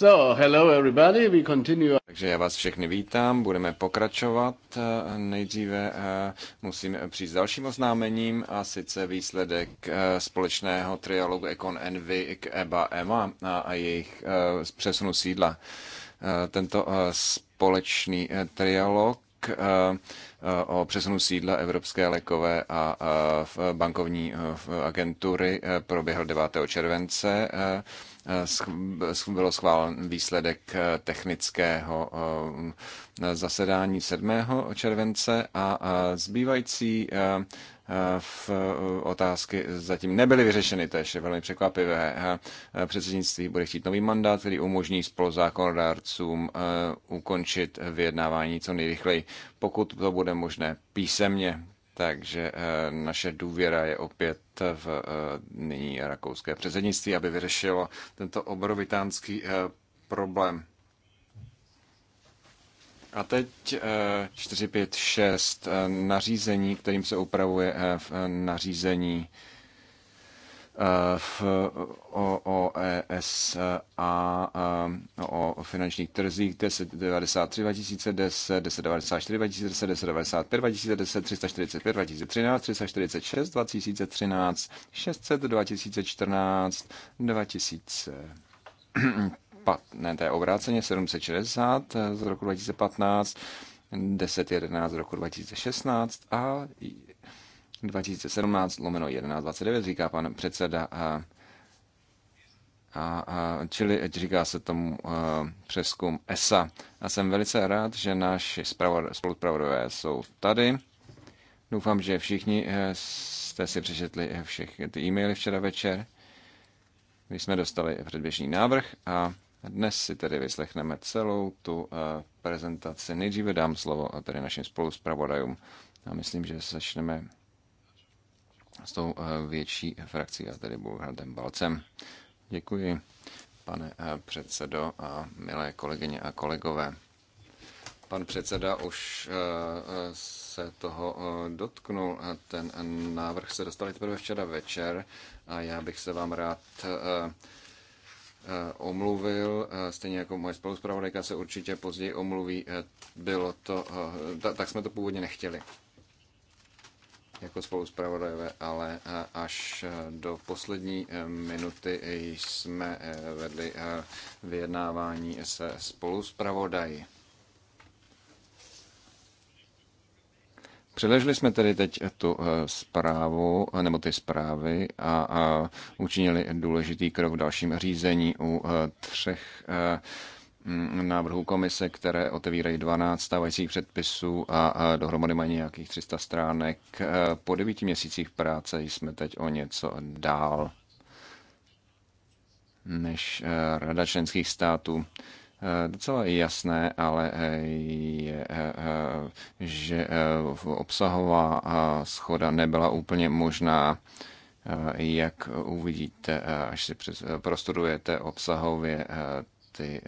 So, hello everybody, we continue. Takže já vás všechny vítám, budeme pokračovat. Eh, nejdříve eh, musím přijít s dalším oznámením a sice výsledek eh, společného trialogu Econ Envy k EBA EMA a jejich přesunu sídla. Tento společný trialog Eh, eh, o přesunu sídla Evropské lékové a eh, bankovní agentury proběhl 9. července. Bylo schválen výsledek technického zasedání 7. července a zbývající v eh, otázky zatím nebyly vyřešeny, to je velmi překvapivé. Eh, předsednictví bude chtít nový mandát, který umožní spoluzákonodárcům eh, ukončit vyjednávání co nejrychleji, pokud to bude možné písemně. Takže naše důvěra je opět v nyní rakouské předsednictví, aby vyřešilo tento obrovitánský problém. A teď 456 eh, eh, nařízení, kterým se upravuje eh, v nařízení v, o, o ESA, o finančních trzích 1093 2010, 1094 2010, 1095 2010, 345 2013, 346 2013, 600 2014, 2000 ne, to je obráceně 760 eh, z roku 2015, 1011 z roku 2016 a 2017 lomeno 1129, říká pan předseda. A, a, a, čili říká se tomu a, eh, přeskum ESA. A jsem velice rád, že naši spolupravodové jsou tady. Doufám, že všichni eh, jste si přečetli všechny ty e-maily včera večer, My jsme dostali předběžný návrh a dnes si tedy vyslechneme celou tu eh, prezentaci. Nejdříve dám slovo a eh, tedy našim spoluzpravodajům. A myslím, že začneme s tou eh, větší frakcí, a tedy Bulhardem Balcem. Děkuji, pane předsedo a milé kolegyně a kolegové. Pan předseda už se toho dotknul. Ten návrh se dostal teprve včera večer a já bych se vám rád Eh, omluvil, eh, stejně jako moje spoluzpravodajka se určitě později omluví. Eh, bylo to, tak jsme to původně nechtěli jako spoluzpravodajové, ale až do poslední minuty jsme vedli vyjednávání se spoluzpravodají. Přeležili jsme tedy teď tu eh, zprávu, eh, nebo ty zprávy a, a učinili důležitý krok v dalším řízení u eh, třech návrhů komise, které otevírají 12 stávajících předpisů a dohromady mají nějakých 300 stránek. Po devíti měsících práce jsme teď o něco dál než Rada členských států docela jasné, ale eh, je, eh, že eh, obsahová schoda nebyla úplně možná. Jak uvidíte, až si prostudujete obsahově ty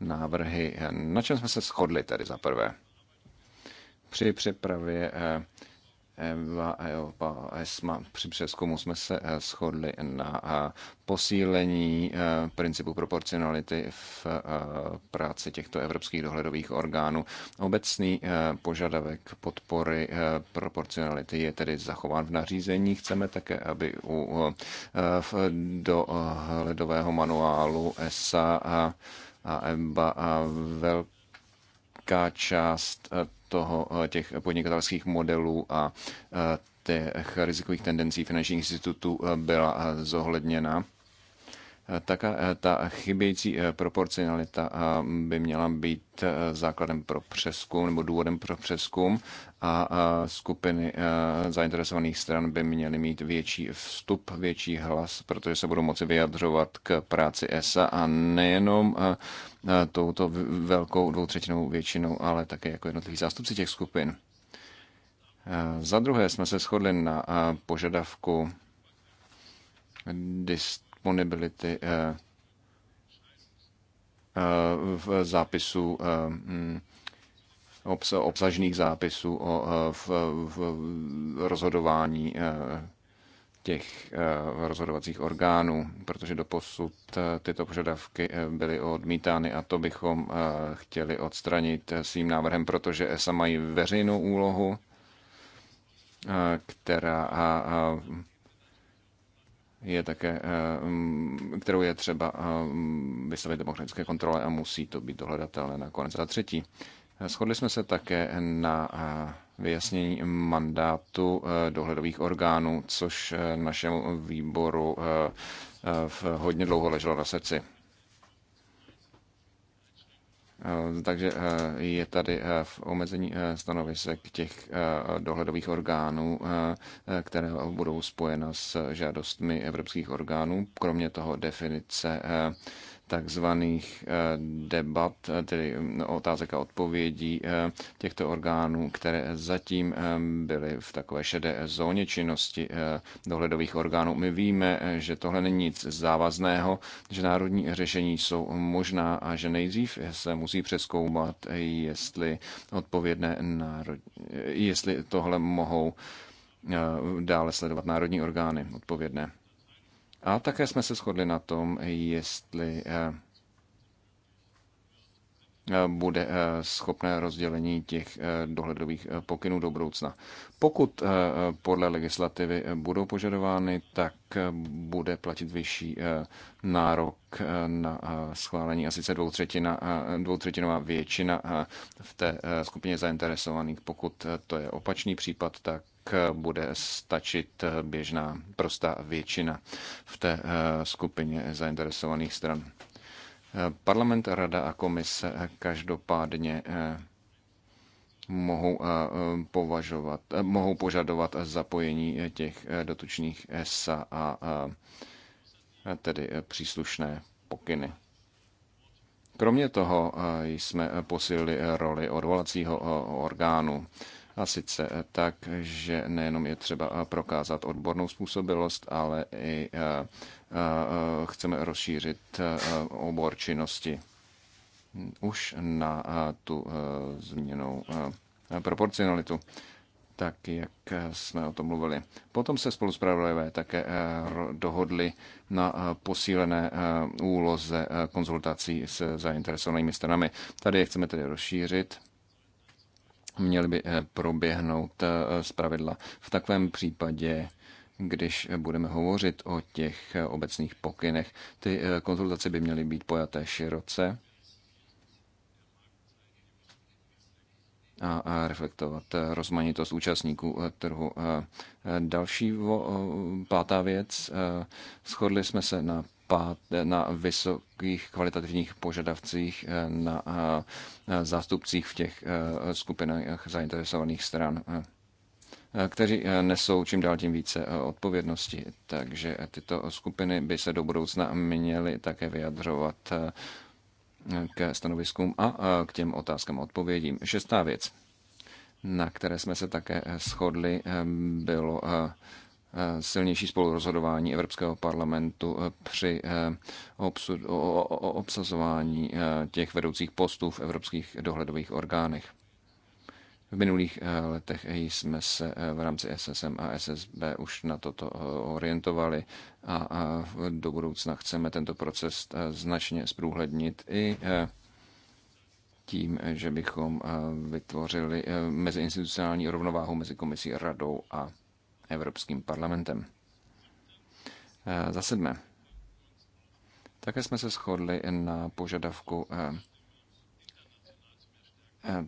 návrhy, na čem jsme se shodli tady za prvé? Při přepravě Eva eh, a ESMA. Při přeskumu jsme se eh, shodli na eh, posílení principu proporcionality v práci těchto evropských dohledových orgánů. Obecný požadavek podpory proporcionality je tedy zachován v nařízení. Chceme také, aby u, dohledového manuálu ESA a EMBA a velká část toho, eh, těch podnikatelských modelů a eh, těch rizikových tendencí finančních institutů eh, byla zohledněna tak eh, ta chybějící eh, proporcionalita eh, by měla být základem pro přeskum nebo důvodem pro přeskum a skupiny zainteresovaných stran by měly mít větší vstup, větší hlas, protože se budou moci vyjadřovat k práci ESA a nejenom touto velkou dvoutřetinou většinou, ale také jako jednotlivý zástupci těch skupin. Za druhé jsme se shodli na požadavku dist disponibility eh, eh, v zápisu eh, hm, obsažných zápisů o v, v rozhodování těch rozhodovacích orgánů, protože doposud tyto požadavky byly odmítány a to bychom chtěli odstranit svým návrhem, protože ESA mají veřejnou úlohu, která je také, eh, mm, kterou je třeba eh, mm, vystavit demokratické kontrole a musí to být dohledatelné nakonec. Za třetí, eh, shodli jsme se také na vyjasnění mandátu dohledových orgánů, což našemu výboru v hodně dlouho leželo na srdci. Eh, takže eh, je tady eh, v omezení stanovisek těch dohledových orgánů, které budou spojena s žádostmi evropských orgánů. Kromě toho definice takzvaných eh, debat, eh, tedy mm, otázek a odpovědí eh, těchto orgánů, které zatím byly v takové šedé zóně činnosti dohledových orgánů. My víme, že tohle není nic závazného, že národní řešení jsou možná a že nejdřív se musí přeskoumat, jestli odpovědné národní, jestli tohle mohou dále sledovat národní orgány odpovědné. A také jsme se shodli na tom, jestli eh, eh, bude eh, schopné rozdělení těch dohledových pokynů do budoucna. Pokud podle legislativy budou požadovány, tak bude platit vyšší nárok na schválení a sice dvoutřetina, dvoutřetinová většina v té skupině zainteresovaných. Pokud to je opačný případ, tak bude stačit běžná prostá většina v té eh, skupině zainteresovaných stran. Eh, Parlament, rada a komise každopádně eh, mohou, považovat, mohou požadovat zapojení těch dotučných ESA a tedy příslušné pokyny. Kromě toho jsme posílili roli odvolacího orgánu. A sice tak, že nejenom je třeba prokázat odbornou způsobilost, ale i eh, eh, chceme rozšířit eh, obor činnosti už na tu změnou proporcionalitu tak jak jsme o tom mluvili. Potom se spoluzpravodajové také dohodli na posílené úloze konzultací s zainteresovanými stranami. Tady je chceme tedy rozšířit měly by eh, proběhnout eh, pravidla. V takovém případě když budeme hovořit o těch eh, obecných pokynech. Ty konzultace by měly být pojaté široce a reflektovat rozmanitost účastníků trhu. Další pátá věc, shodli jsme se na pát, na vysokých kvalitativních požadavcích, eh, na eh, zástupcích v těch eh, skupinách zainteresovaných stran, kteří nesou čím dál tím více odpovědnosti. Takže tyto skupiny by se do budoucna měly také vyjadřovat ke stanoviskům a k těm otázkám a odpovědím. Šestá věc, na které jsme se také shodli, bylo Eh, silnější spolurozhodování Evropského parlamentu eh, při eh, obsazování těch vedoucích postů v evropských dohledových orgánech. V minulých letech jsme se v rámci SSM a SSB už na toto orientovali a do budoucna chceme tento proces značně zprůhlednit i tím, že bychom vytvořili meziinstitucionální rovnováhu mezi komisí, radou a Evropským parlamentem. Eh, za sedmé. Také jsme se shodli na požadavku eh, eh,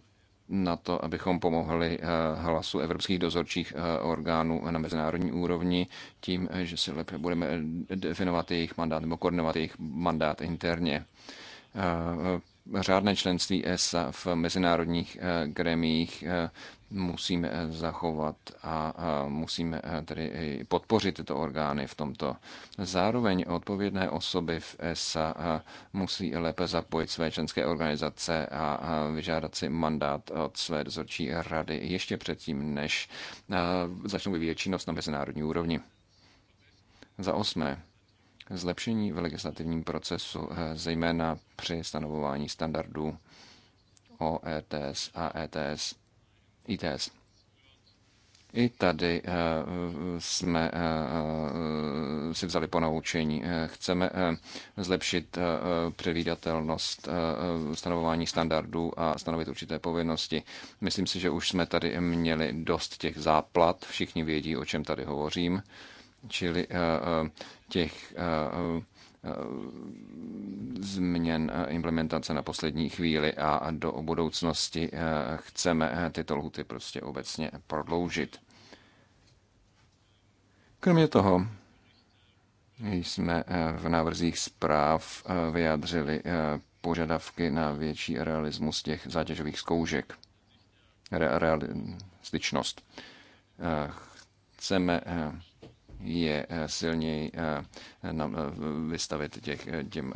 na to, abychom pomohli hlasu evropských dozorčích orgánů na mezinárodní úrovni tím, že si lépe budeme definovat jejich mandát nebo koordinovat jejich mandát interně. Řádné členství ESA v mezinárodních gremích musíme eh, zachovat a musíme eh, tedy podpořit tyto orgány v tomto. Zároveň odpovědné osoby v ESA eh, musí lépe zapojit své členské organizace a vyžádat si mandát od své dozorčí rady ještě předtím, než začnou vyvíjet činnost na mezinárodní úrovni. Za osmé, zlepšení v legislativním procesu, zejména při stanovování standardů OETS a ETS ITS. I tady eh, jsme eh, eh, si vzali po naučení. Chceme zlepšit předvídatelnost stanovování standardů a stanovit určité povinnosti. Myslím si, že už jsme tady měli dost těch záplat, všichni vědí, o čem tady hovořím, čili těch Eh, změn eh, implementace na poslední chvíli a do budoucnosti eh, chceme tyto lhuty prostě obecně prodloužit. Kromě toho jsme v návrzích zpráv vyjádřili požadavky na větší realismus těch zátěžových zkoušek. Re- realističnost. Chceme je eh, silněji eh, eh, vystavit těch, těm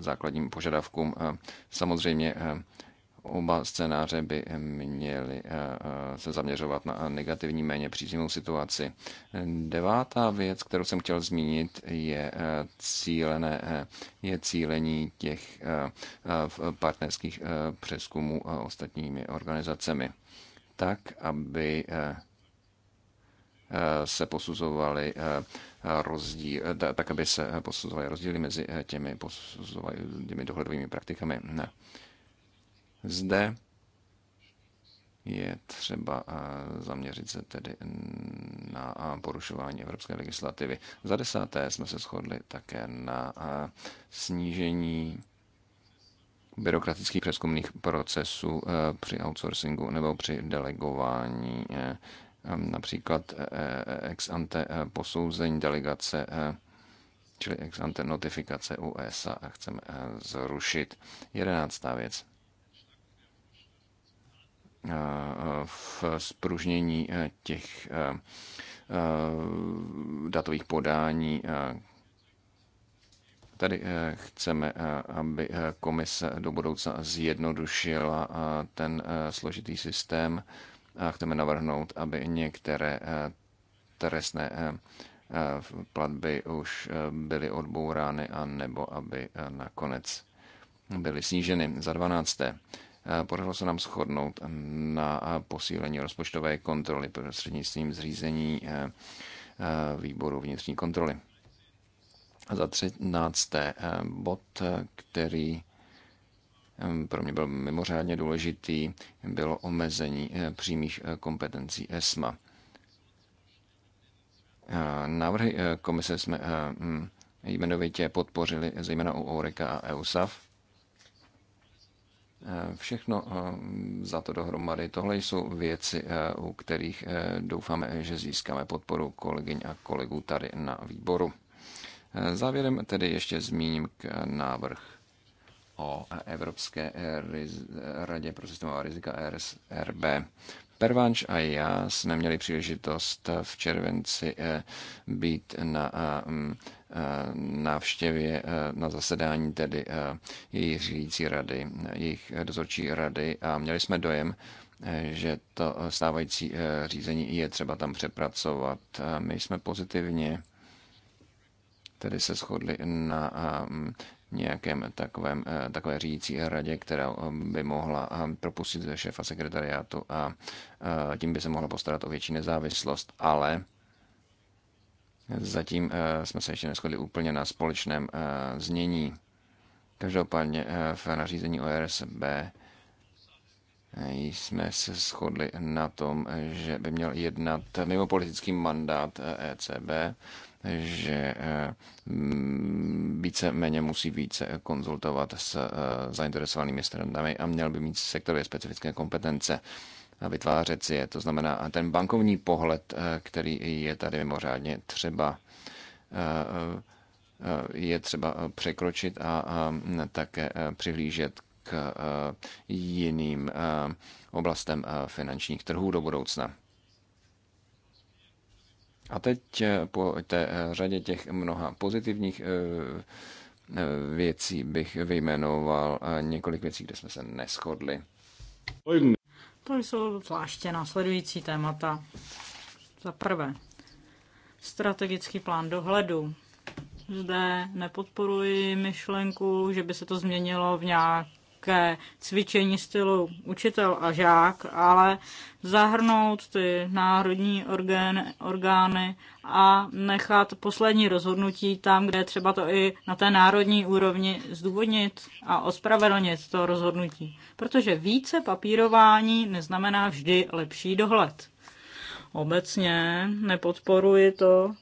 základním požadavkům. Samozřejmě oba scénáře by měly se zaměřovat na negativní, méně příznivou situaci. Devátá věc, kterou jsem chtěl zmínit, je, cílené, je cílení těch partnerských přeskumů ostatními organizacemi tak, aby Eh, se posuzovaly eh, rozdíl, tak aby se eh, posuzovaly rozdíly mezi těmi, těmi dohledovými praktikami. Ne. Zde je třeba zaměřit se tedy na porušování evropské legislativy. Za desáté jsme se shodli také na snížení byrokratických přeskumných procesů při outsourcingu nebo při delegování Ehm, například eh, eh, ex ante eh, posouzení delegace, čili ex ante notifikace USA e a chceme zrušit. Jedenáctá věc. V spružnění těch datových podání, tady chceme, aby komise do budoucna zjednodušila ten složitý systém chceme navrhnout, aby některé eh, trestné eh, eh, platby už byly odbourány a nebo aby nakonec byly sníženy. Za 12. Podařilo se nám shodnout na posílení rozpočtové kontroly prostřednictvím zřízení výboru vnitřní kontroly. Za třinácté bod, který Ehm, pro mě byl mimořádně důležitý, bylo omezení eh, přímých eh, kompetencí ESMA. Eh, návrhy komise jsme hm, jmenovitě podpořili, zejména u Oreka a EUSAF. Všechno za to dohromady. Tohle jsou věci, u kterých doufáme, že získáme podporu kolegyň a kolegů tady na výboru. Závěrem tedy ještě zmíním k návrh o Evropské radě pro systémová rizika RSRB. Pervanč a já jsme měli příležitost v červenci eh, být na eh, eh, návštěvě na zasedání tedy jejich řídící rady, jejich dozorčí rady a měli jsme dojem, že to stávající řízení je třeba tam přepracovat. My jsme pozitivně tedy se shodli na nějakém takovém, eh, takové řídící radě, která eh, by mohla eh, propustit ze šéfa sekretariátu a tím by se mohla postarat o větší nezávislost, ale zatím jsme se ještě neschodli úplně na společném znění. Každopádně v nařízení ORSB jsme se shodli na tom, že by měl jednat mimo politický mandát ECB, eh, e že eh, více méně musí více konzultovat s eh, zainteresovanými stranami a měl by mít sektorově specifické kompetence a vytvářet si je. To znamená, ten bankovní pohled, který je tady mimořádně třeba je třeba překročit a také přihlížet k eh, jiným eh, oblastem eh, finančních trhů do budoucna. A teď po té řadě těch mnoha pozitivních věcí bych vyjmenoval několik věcí, kde jsme se neschodli. To jsou zvláště následující témata. Za prvé, strategický plán dohledu. Zde nepodporuji myšlenku, že by se to změnilo v nějak ke cvičení stylu učitel a žák, ale zahrnout ty národní orgány, orgány a nechat poslední rozhodnutí tam, kde třeba to i na té národní úrovni zdůvodnit a ospravedlnit to rozhodnutí. Protože více papírování neznamená vždy lepší dohled. Obecně nepodporuji to,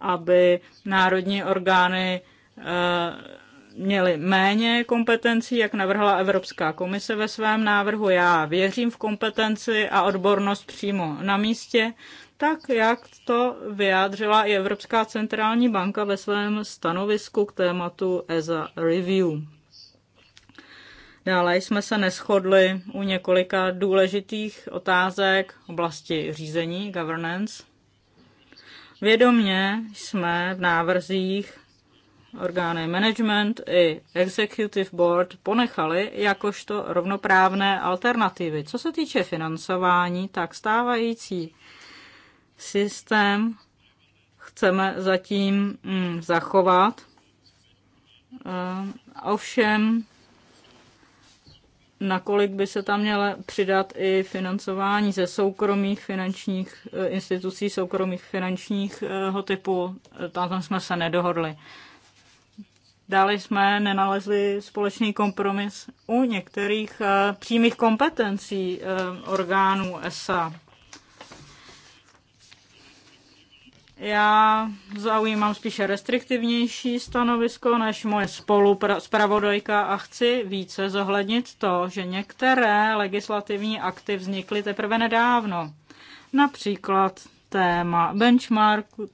aby národní orgány eh, měli méně kompetencí, jak navrhla Evropská komise ve svém návrhu. Já věřím v kompetenci a odbornost přímo na místě, tak jak to vyjádřila i Evropská centrální banka ve svém stanovisku k tématu ESA Review. Dále jsme se neschodli u několika důležitých otázek oblasti řízení, governance. Vědomně jsme v návrzích orgány management i executive board ponechali jakožto rovnoprávné alternativy. Co se týče financování, tak stávající systém chceme zatím mm, zachovat. Eh, ovšem, nakolik by se tam mělo přidat i financování ze soukromých finančních eh, institucí, soukromých finančních eh, typu, tam jsme se nedohodli. Dále jsme nenalezli společný kompromis u některých eh, přímých kompetencí eh, orgánů ESA. Já zaujímám spíše restriktivnější stanovisko než moje spolupravodajka a chci více zohlednit to, že některé legislativní akty vznikly teprve nedávno. Například téma benchmarku,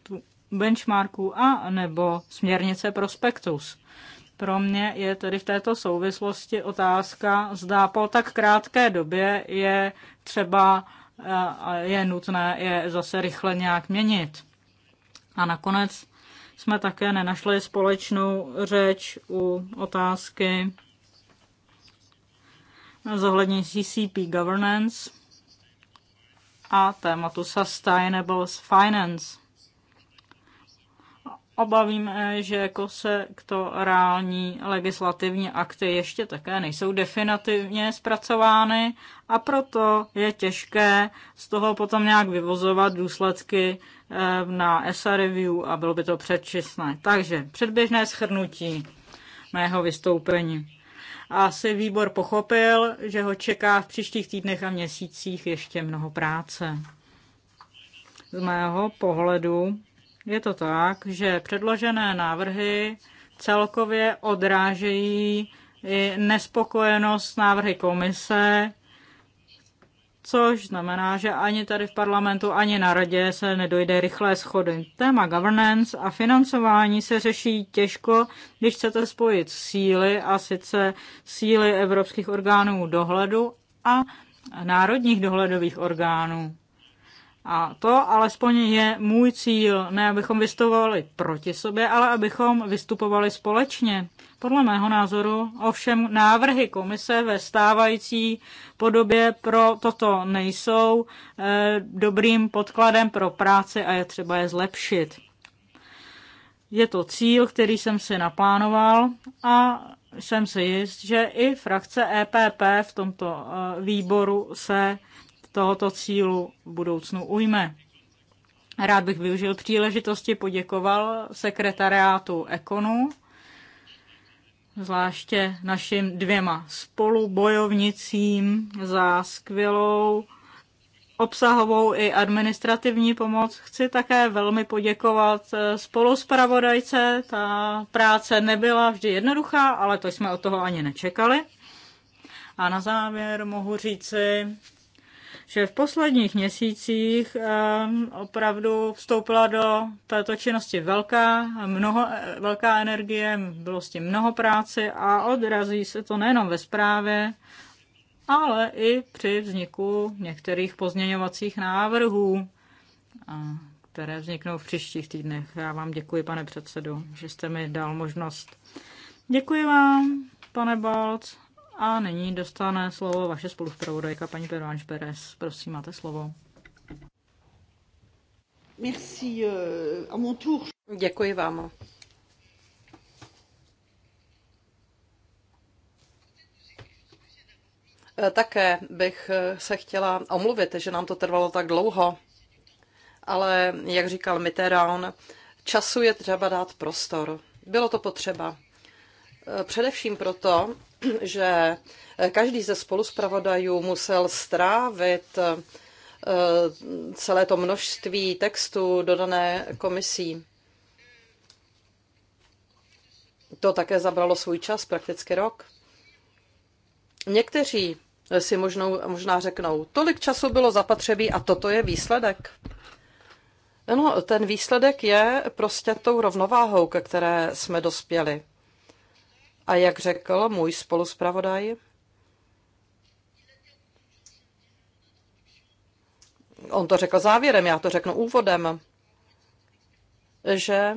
benchmarků a nebo směrnice prospektus. Pro mě je tedy v této souvislosti otázka, zda po tak krátké době je třeba je nutné je zase rychle nějak měnit. A nakonec jsme také nenašli společnou řeč u otázky zohlednění CCP governance a tématu sustainable finance obavím, eh, že jako se k to reální legislativní akty ještě také nejsou definitivně zpracovány a proto je těžké z toho potom nějak vyvozovat důsledky eh, na SR review a bylo by to předčasné. Takže předběžné schrnutí mého vystoupení. Asi výbor pochopil, že ho čeká v příštích týdnech a měsících ještě mnoho práce. Z mého pohledu je to tak, že předložené návrhy celkově odrážejí i nespokojenost návrhy komise, což znamená, že ani tady v parlamentu, ani na radě se nedojde rychlé schody. Téma governance a financování se řeší těžko, když chcete spojit síly a sice síly evropských orgánů dohledu a národních dohledových orgánů. A to alespoň je můj cíl, ne abychom vystupovali proti sobě, ale abychom vystupovali společně. Podle mého názoru ovšem návrhy komise ve stávající podobě pro toto nejsou e, dobrým podkladem pro práci a je třeba je zlepšit. Je to cíl, který jsem si naplánoval a jsem si jist, že i frakce EPP v tomto eh, výboru se tohoto cílu v budoucnu ujme. Rád bych využil příležitosti, poděkoval sekretariátu Ekonu, zvláště našim dvěma spolubojovnicím za skvělou obsahovou i administrativní pomoc. Chci také velmi poděkovat eh, spoluspravodajce. Ta práce nebyla vždy jednoduchá, ale to jsme od toho ani nečekali. A na závěr mohu říci, že v posledních měsících opravdu vstoupila do této činnosti velká, mnoho, e, velká energie, bylo s tím mnoho práce a odrazí se to nejenom ve zprávě, ale i při vzniku některých pozměňovacích návrhů, které vzniknou v příštích týdnech. Já vám děkuji, pane předsedu, že jste mi dal možnost. Děkuji vám, pane Balc. A nyní dostane slovo vaše spoluzpravodajka paní Peruáš Perez. Prosím, máte slovo. Merci, uh, a mon tour. Děkuji vám. Eh, také bych eh, se chtěla omluvit, že nám to trvalo tak dlouho, ale jak říkal Mitterrand, času je třeba dát prostor. Bylo to potřeba. Eh, především proto, že každý ze spoluspravodajů musel strávit eh, celé to množství textů dodané komisí. To také zabralo svůj čas, prakticky rok. Někteří si možnou, možná řeknou, tolik času bylo zapotřebí a toto je výsledek. No, ten výsledek je prostě tou rovnováhou, ke které jsme dospěli. A jak řekl můj spoluspravodaj, on to řekl závěrem, já to řeknu úvodem, že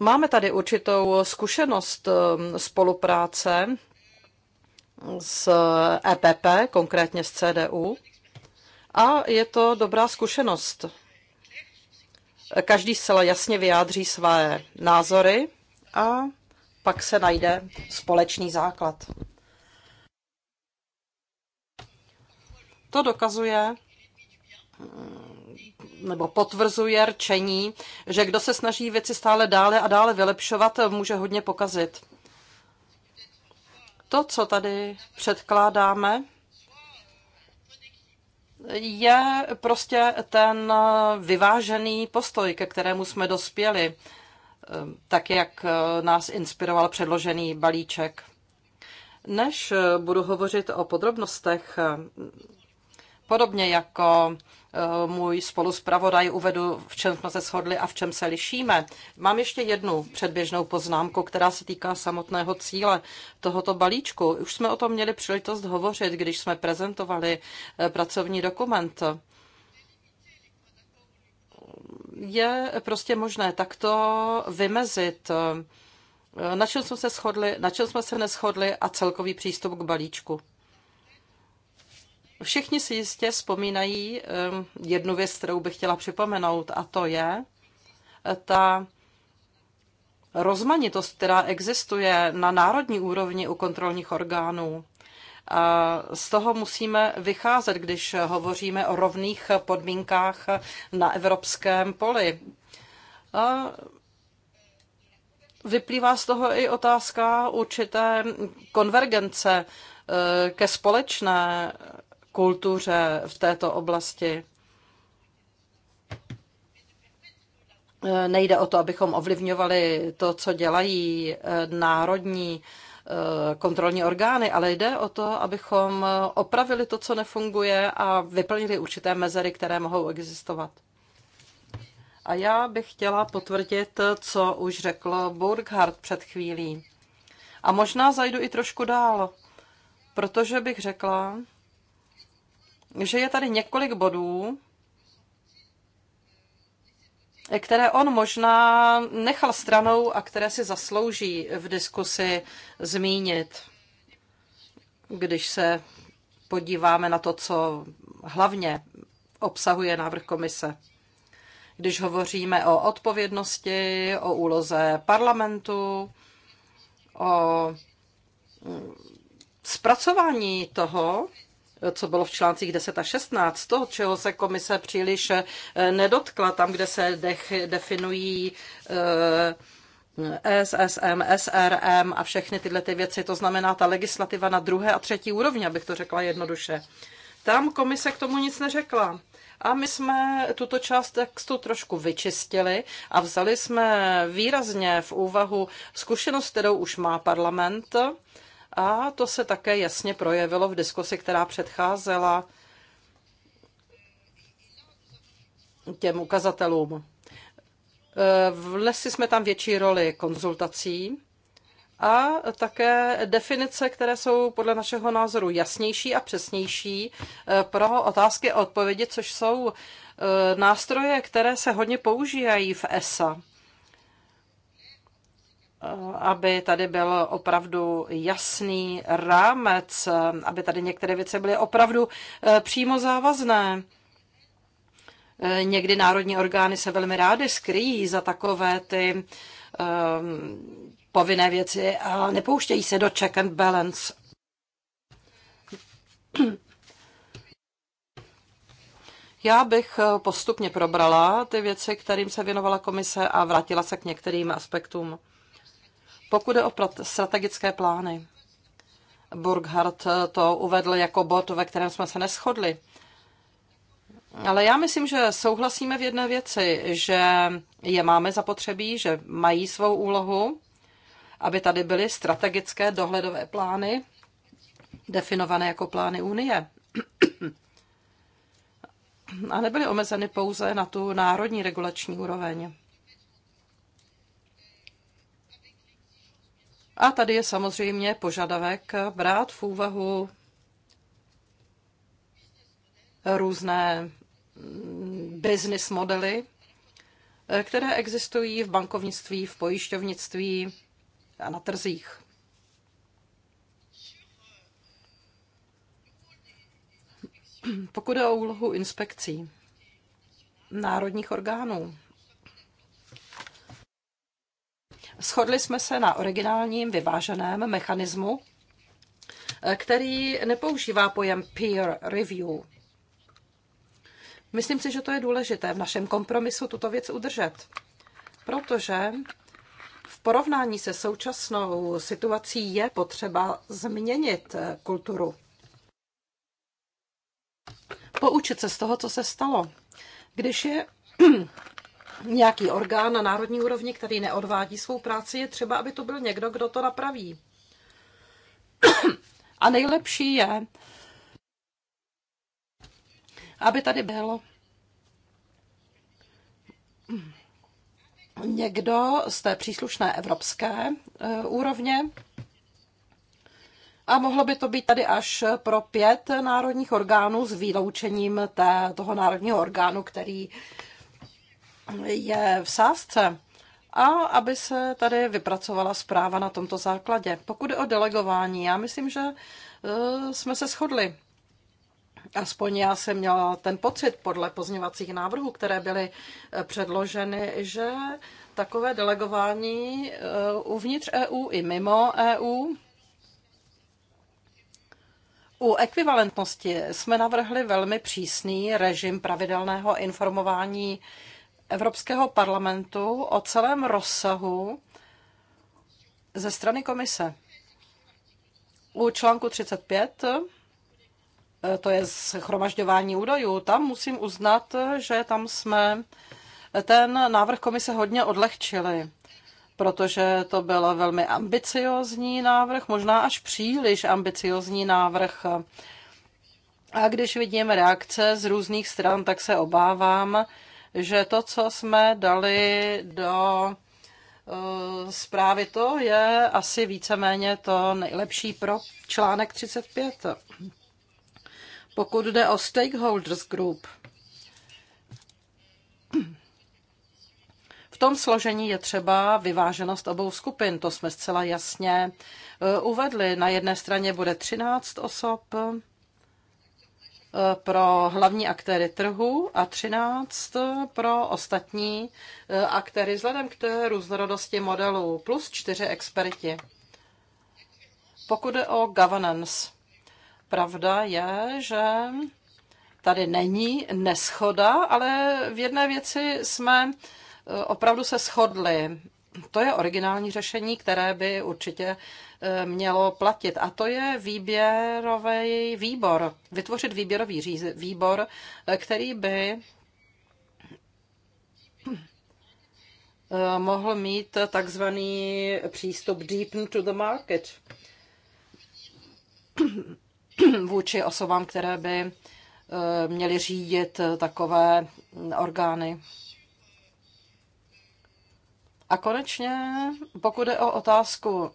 máme tady určitou zkušenost um, spolupráce s EPP, konkrétně s CDU, a je to dobrá zkušenost. Každý zcela jasně vyjádří své názory a pak se najde společný základ. To dokazuje mm, nebo potvrzuje rčení, že kdo se snaží věci stále dále a dále vylepšovat, může hodně pokazit. To, co tady předkládáme, je prostě ten vyvážený postoj, ke kterému jsme dospěli, eh, tak jak eh, nás inspiroval předložený balíček. Než eh, budu hovořit o podrobnostech Podobně jako eh, můj spoluspravodaj uvedu, v čem jsme se shodli a v čem se lišíme. Mám ještě jednu předběžnou poznámku, která se týká samotného cíle tohoto balíčku. Už jsme o tom měli příležitost hovořit, když jsme prezentovali eh, pracovní dokument je prostě možné takto vymezit, eh, na čem jsme se shodli, na čem jsme se neschodli a celkový přístup k balíčku. Všichni si jistě vzpomínají jednu věc, kterou bych chtěla připomenout, a to je eh, ta rozmanitost, která existuje na národní úrovni u kontrolních orgánů. A z toho musíme vycházet, když hovoříme o rovných podmínkách na evropském poli. A vyplývá z toho i otázka určité konvergence eh, ke společné kultuře v této oblasti. Nejde o to, abychom ovlivňovali to, co dělají eh, národní eh, kontrolní orgány, ale jde o to, abychom opravili to, co nefunguje a vyplnili určité mezery, které mohou existovat. A já bych chtěla potvrdit, co už řekl Burkhardt před chvílí. A možná zajdu i trošku dál, protože bych řekla, že je tady několik bodů, které on možná nechal stranou a které si zaslouží v diskusi zmínit, když se podíváme na to, co hlavně obsahuje návrh komise. Když hovoříme o odpovědnosti, o úloze parlamentu, o mm, zpracování toho, co bylo v článcích 10 a 16, to, čeho se komise příliš eh, nedotkla, tam, kde se dech, definují eh, SSM, SRM a všechny tyhle ty věci, to znamená ta legislativa na druhé a třetí úrovni, abych to řekla jednoduše. Tam komise k tomu nic neřekla. A my jsme tuto část textu trošku vyčistili a vzali jsme výrazně v úvahu zkušenost, kterou už má parlament a to se také jasně projevilo v diskusi, která předcházela těm ukazatelům. V jsme tam větší roli konzultací a také definice, které jsou podle našeho názoru jasnější a přesnější eh, pro otázky a odpovědi, což jsou eh, nástroje, které se hodně používají v ESA aby tady byl opravdu jasný rámec, aby tady některé věci byly opravdu eh, přímo závazné. Eh, někdy národní orgány se velmi rády skryjí za takové ty um, povinné věci a nepouštějí se do check and balance. Já bych eh, postupně probrala ty věci, kterým se věnovala komise a vrátila se k některým aspektům. Pokud je o strategické plány, Burghardt to uvedl jako bod, ve kterém jsme se neschodli. Ale já myslím, že souhlasíme v jedné věci, že je máme zapotřebí, že mají svou úlohu, aby tady byly strategické dohledové plány, definované jako plány Unie. A nebyly omezeny pouze na tu národní regulační úroveň. A tady je samozřejmě požadavek brát v úvahu různé business modely, které existují v bankovnictví, v pojišťovnictví a na trzích. Pokud je o úlohu inspekcí národních orgánů, Shodli jsme se na originálním vyváženém mechanismu, eh, který nepoužívá pojem peer review. Myslím si, že to je důležité v našem kompromisu tuto věc udržet, protože v porovnání se současnou situací je potřeba změnit eh, kulturu. Poučit se z toho, co se stalo. Když je nějaký orgán na národní úrovni, který neodvádí svou práci, je třeba, aby to byl někdo, kdo to napraví. A nejlepší je, aby tady byl někdo z té příslušné evropské e, úrovně. A mohlo by to být tady až pro pět národních orgánů s výloučením té, toho národního orgánu, který je v sázce a aby se tady vypracovala zpráva na tomto základě. Pokud je o delegování, já myslím, že eh, jsme se shodli. Aspoň já jsem měla ten pocit podle pozněvacích návrhů, které byly eh, předloženy, že takové delegování eh, uvnitř EU i mimo EU u ekvivalentnosti jsme navrhli velmi přísný režim pravidelného informování Evropského parlamentu o celém rozsahu ze strany komise. U článku 35, e, to je schromažďování údajů, tam musím uznat, že tam jsme ten návrh komise hodně odlehčili, protože to byl velmi ambiciozní návrh, možná až příliš ambiciozní návrh. A když vidím reakce z různých stran, tak se obávám, že to, co jsme dali do eh, zprávy, to je asi víceméně to nejlepší pro článek 35. Pokud jde o stakeholders group, v tom složení je třeba vyváženost obou skupin, to jsme zcela jasně eh, uvedli. Na jedné straně bude 13 osob, pro hlavní aktéry trhu a 13 pro ostatní e, aktéry vzhledem k té různorodosti modelů plus čtyři experti. Pokud jde o governance, pravda je, že tady není neschoda, ale v jedné věci jsme e, opravdu se shodli. To je originální řešení, které by určitě Eh, mělo platit. A to je výběrový výbor, vytvořit výběrový říze, výbor, eh, který by eh, mohl mít takzvaný přístup deep to the market vůči osobám, které by měly řídit takové orgány. A konečně, pokud je o otázku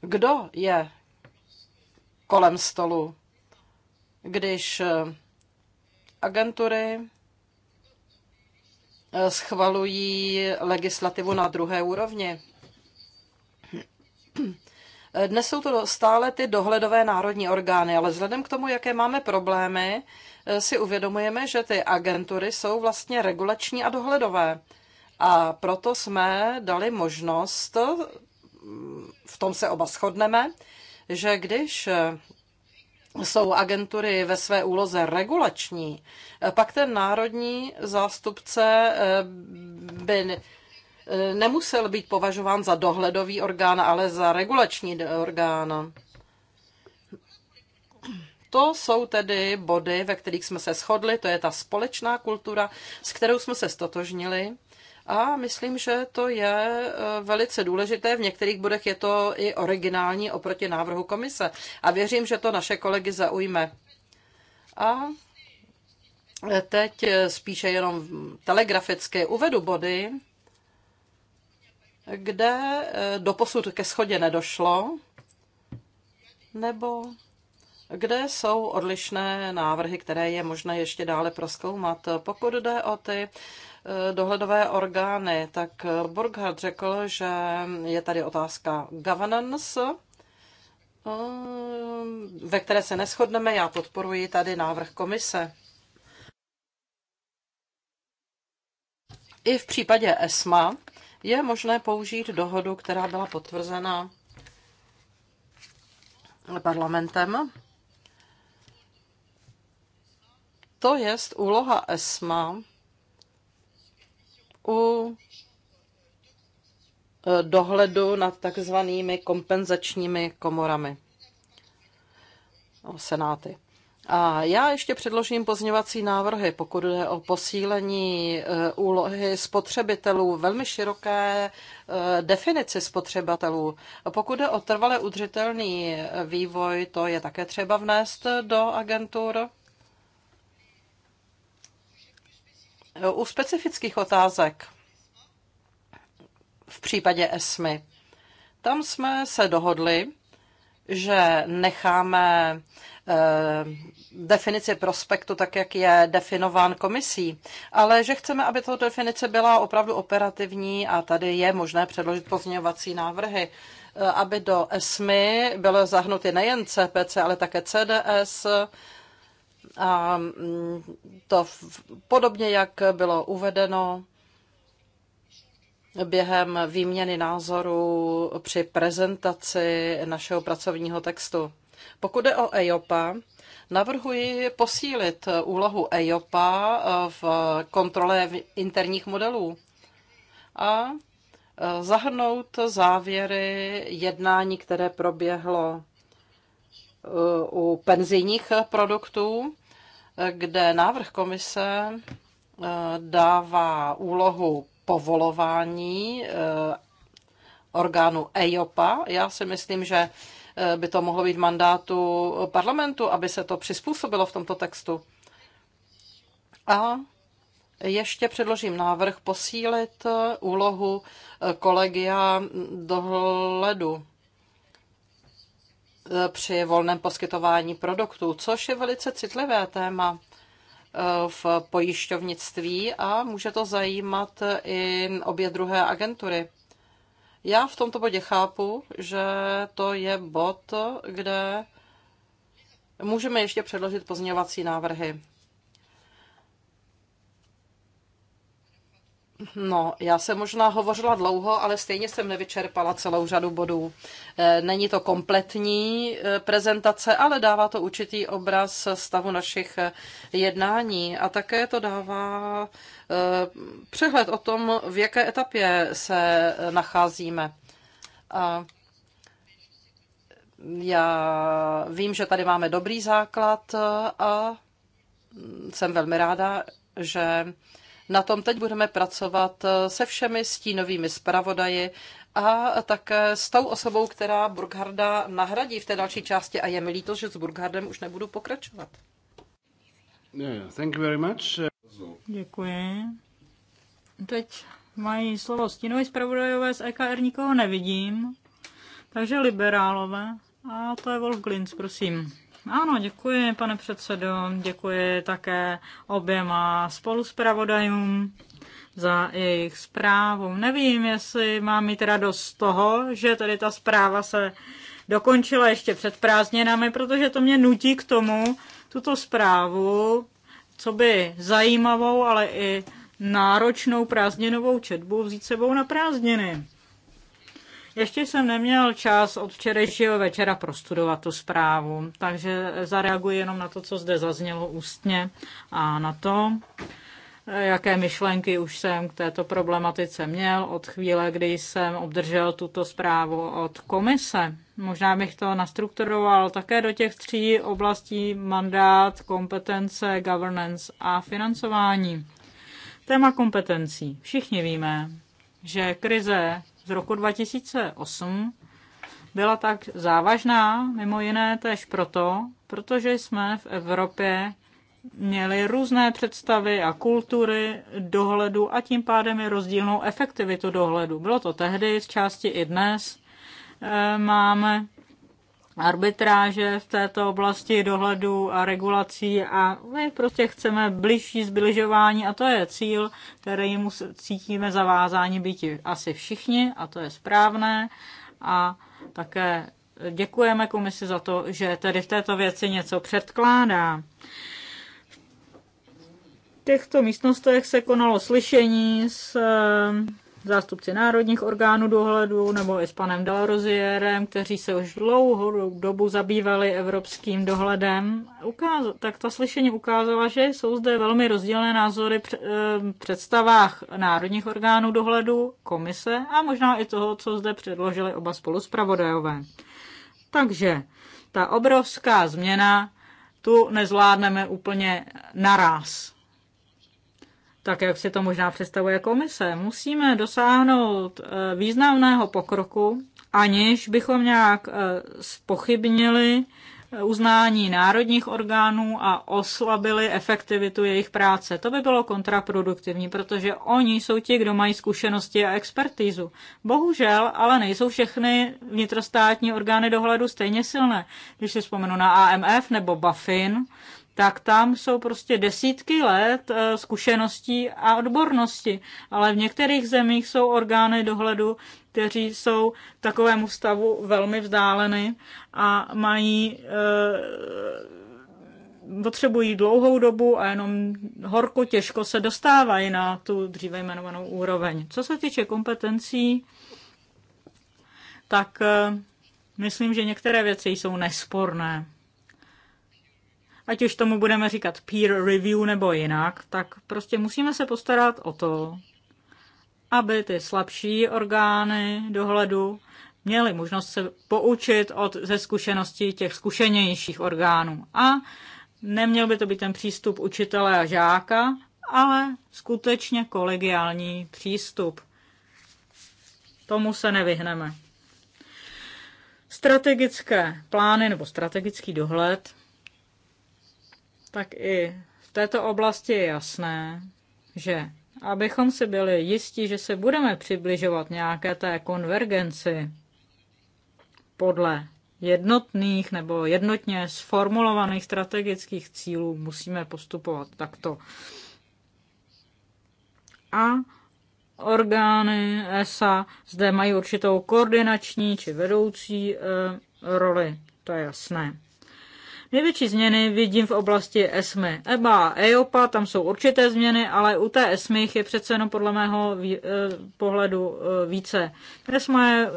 kdo je kolem stolu, když eh, agentury eh, schvalují legislativu na druhé úrovni? Dnes jsou to stále ty dohledové národní orgány, ale vzhledem k tomu, jaké máme problémy, eh, si uvědomujeme, že ty agentury jsou vlastně regulační a dohledové. A proto jsme dali možnost, v tom se oba shodneme, že když jsou agentury ve své úloze regulační, pak ten národní zástupce eh, by eh, nemusel být považován za dohledový orgán, ale za regulační orgán. To jsou tedy body, ve kterých jsme se shodli, to je ta společná kultura, s kterou jsme se stotožnili. A myslím, že to je e, velice důležité. V některých bodech je to i originální oproti návrhu komise. A věřím, že to naše kolegy zaujme. A e, teď e, spíše jenom telegraficky uvedu body, kde doposud ke schodě nedošlo, nebo kde jsou odlišné návrhy, které je možné ještě dále proskoumat. Pokud jde o ty Eh, dohledové orgány, tak eh, Burkhardt řekl, že je tady otázka governance, eh, ve které se neschodneme. Já podporuji tady návrh komise. I v případě ESMA je možné použít dohodu, která byla potvrzena parlamentem. To je úloha ESMA u e, dohledu nad takzvanými kompenzačními komorami, senáty. A já ještě předložím pozněvací návrhy, pokud jde o posílení e, úlohy spotřebitelů, velmi široké e, definici spotřebitelů. Pokud jde o trvale udržitelný vývoj, to je také třeba vnést do agentur. u specifických otázek v případě ESMY. Tam jsme se dohodli, že necháme eh, definici prospektu tak, jak je definován komisí, ale že chceme, aby tato definice byla opravdu operativní a tady je možné předložit pozměňovací návrhy, eh, aby do ESMY bylo zahnuty nejen CPC, ale také CDS, a mm, to podobně, jak bylo uvedeno během výměny názorů při prezentaci našeho pracovního textu. Pokud je o EIOPA, navrhuji posílit úlohu EIOPA e, v kontrole interních modelů a e, zahrnout závěry jednání, které proběhlo u penzijních produktů, kde návrh komise eh, dává úlohu povolování eh, orgánu EIOPA. Já si myslím, že eh, by to mohlo být mandátu parlamentu, aby se to přizpůsobilo v tomto textu. A ještě předložím návrh posílit úlohu kolegia dohledu Eh, při volném poskytování produktů, což je velice citlivé téma eh, v pojišťovnictví a může to zajímat i obě druhé agentury. Já v tomto bodě chápu, že to je bod, kde můžeme ještě předložit pozměňovací návrhy. No, já jsem možná hovořila dlouho, ale stejně jsem nevyčerpala celou řadu bodů. E, není to kompletní e, prezentace, ale dává to určitý obraz stavu našich e, jednání a také to dává přehled o tom, v jaké etapě se nacházíme. A já vím, že tady máme dobrý základ a jsem velmi ráda, že na tom teď budeme pracovat eh, se všemi stínovými zpravodaji a také s tou osobou, která Burgharda nahradí v té další části a je mi líto, že s Burghardem už nebudu pokračovat. Yeah, thank you very much. Děkuji. Teď mají slovo stínové zpravodajové z EKR, nikoho nevidím, takže liberálové. A to je Wolf Glintz, prosím. Ano, děkuji, pane předsedo. Děkuji také oběma spoluspravodajům za jejich zprávu. Nevím, jestli mám mít radost z toho, že tady ta zpráva se dokončila ještě před prázdninami, protože to mě nutí k tomu, tuto zprávu, co by zajímavou, ale i náročnou prázdninovou četbu vzít sebou na prázdniny. Ještě jsem neměl čas od včerejšího večera prostudovat tu zprávu, takže zareaguji jenom na to, co zde zaznělo ústně a na to, jaké myšlenky už jsem k této problematice měl od chvíle, kdy jsem obdržel tuto zprávu od komise. Možná bych to nastrukturoval také do těch tří oblastí mandát, kompetence, governance a financování. Téma kompetencí. Všichni víme, že krize z roku 2008 byla tak závažná, mimo jiné též proto, protože jsme v Evropě měli různé představy a kultury dohledu a tím pádem i rozdílnou efektivitu dohledu. Bylo to tehdy, z části i dnes. Eh, máme arbitráže v této oblasti dohledu a regulací a my prostě chceme blížší zbližování a to je cíl, který cítíme zavázání být asi všichni a to je správné a také děkujeme komisi za to, že tady v této věci něco předkládá. V těchto místnostech se konalo slyšení s zástupci národních orgánů dohledu nebo i s panem Dalroziérem, kteří se už dlouhou dobu zabývali evropským dohledem, ukázal, tak ta slyšení ukázala, že jsou zde velmi rozdílné názory eh, v představách národních orgánů dohledu, komise a možná i toho, co zde předložili oba spoluspravodajové. Takže ta obrovská změna tu nezvládneme úplně naraz tak jak si to možná představuje komise. Musíme dosáhnout eh, významného pokroku, aniž bychom nějak eh, spochybnili eh, uznání národních orgánů a oslabili efektivitu jejich práce. To by bylo kontraproduktivní, protože oni jsou ti, kdo mají zkušenosti a expertízu. Bohužel, ale nejsou všechny vnitrostátní orgány dohledu stejně silné. Když si vzpomenu na AMF nebo BaFin, tak tam jsou prostě desítky let eh, zkušeností a odbornosti. Ale v některých zemích jsou orgány dohledu, kteří jsou takovému stavu velmi vzdáleny a mají eh, potřebují dlouhou dobu a jenom horko těžko se dostávají na tu dříve jmenovanou úroveň. Co se týče kompetencí, tak eh, myslím, že některé věci jsou nesporné ať už tomu budeme říkat peer review nebo jinak, tak prostě musíme se postarat o to, aby ty slabší orgány dohledu měly možnost se poučit od, ze zkušeností těch zkušenějších orgánů. A neměl by to být ten přístup učitele a žáka, ale skutečně kolegiální přístup. Tomu se nevyhneme. Strategické plány nebo strategický dohled tak i v této oblasti je jasné, že abychom si byli jistí, že se budeme přibližovat nějaké té konvergenci podle jednotných nebo jednotně sformulovaných strategických cílů, musíme postupovat takto. A orgány ESA zde mají určitou koordinační či vedoucí e, roli, to je jasné. Největší změny vidím v oblasti ESMY. EBA a EOPA, tam jsou určité změny, ale u té ESMY je přece jenom podle mého eh, pohledu eh, více. ESMA je eh,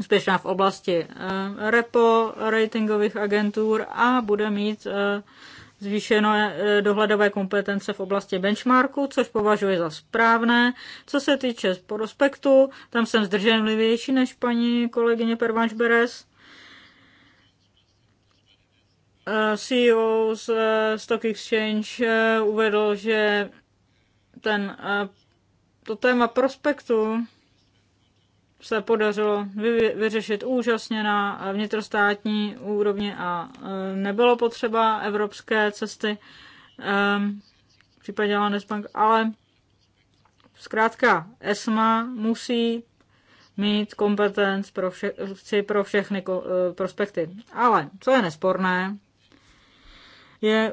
úspěšná v oblasti repo, ratingových agentur a bude mít zvýšeno dohledové kompetence v oblasti benchmarku, což považuji za správné. Co se týče prospektu, tam jsem zdrženlivější než paní kolegyně Pervanš Beres. CEO z eh, Stock Exchange eh, uvedl, že ten, eh, to téma prospektu se podařilo vyřešit úžasně na vnitrostátní úrovni a nebylo potřeba evropské cesty ehm, v případě Landesbank, ale zkrátka ESMA musí mít kompetenci pro, vše, pro všechny prospekty. Ale co je nesporné, je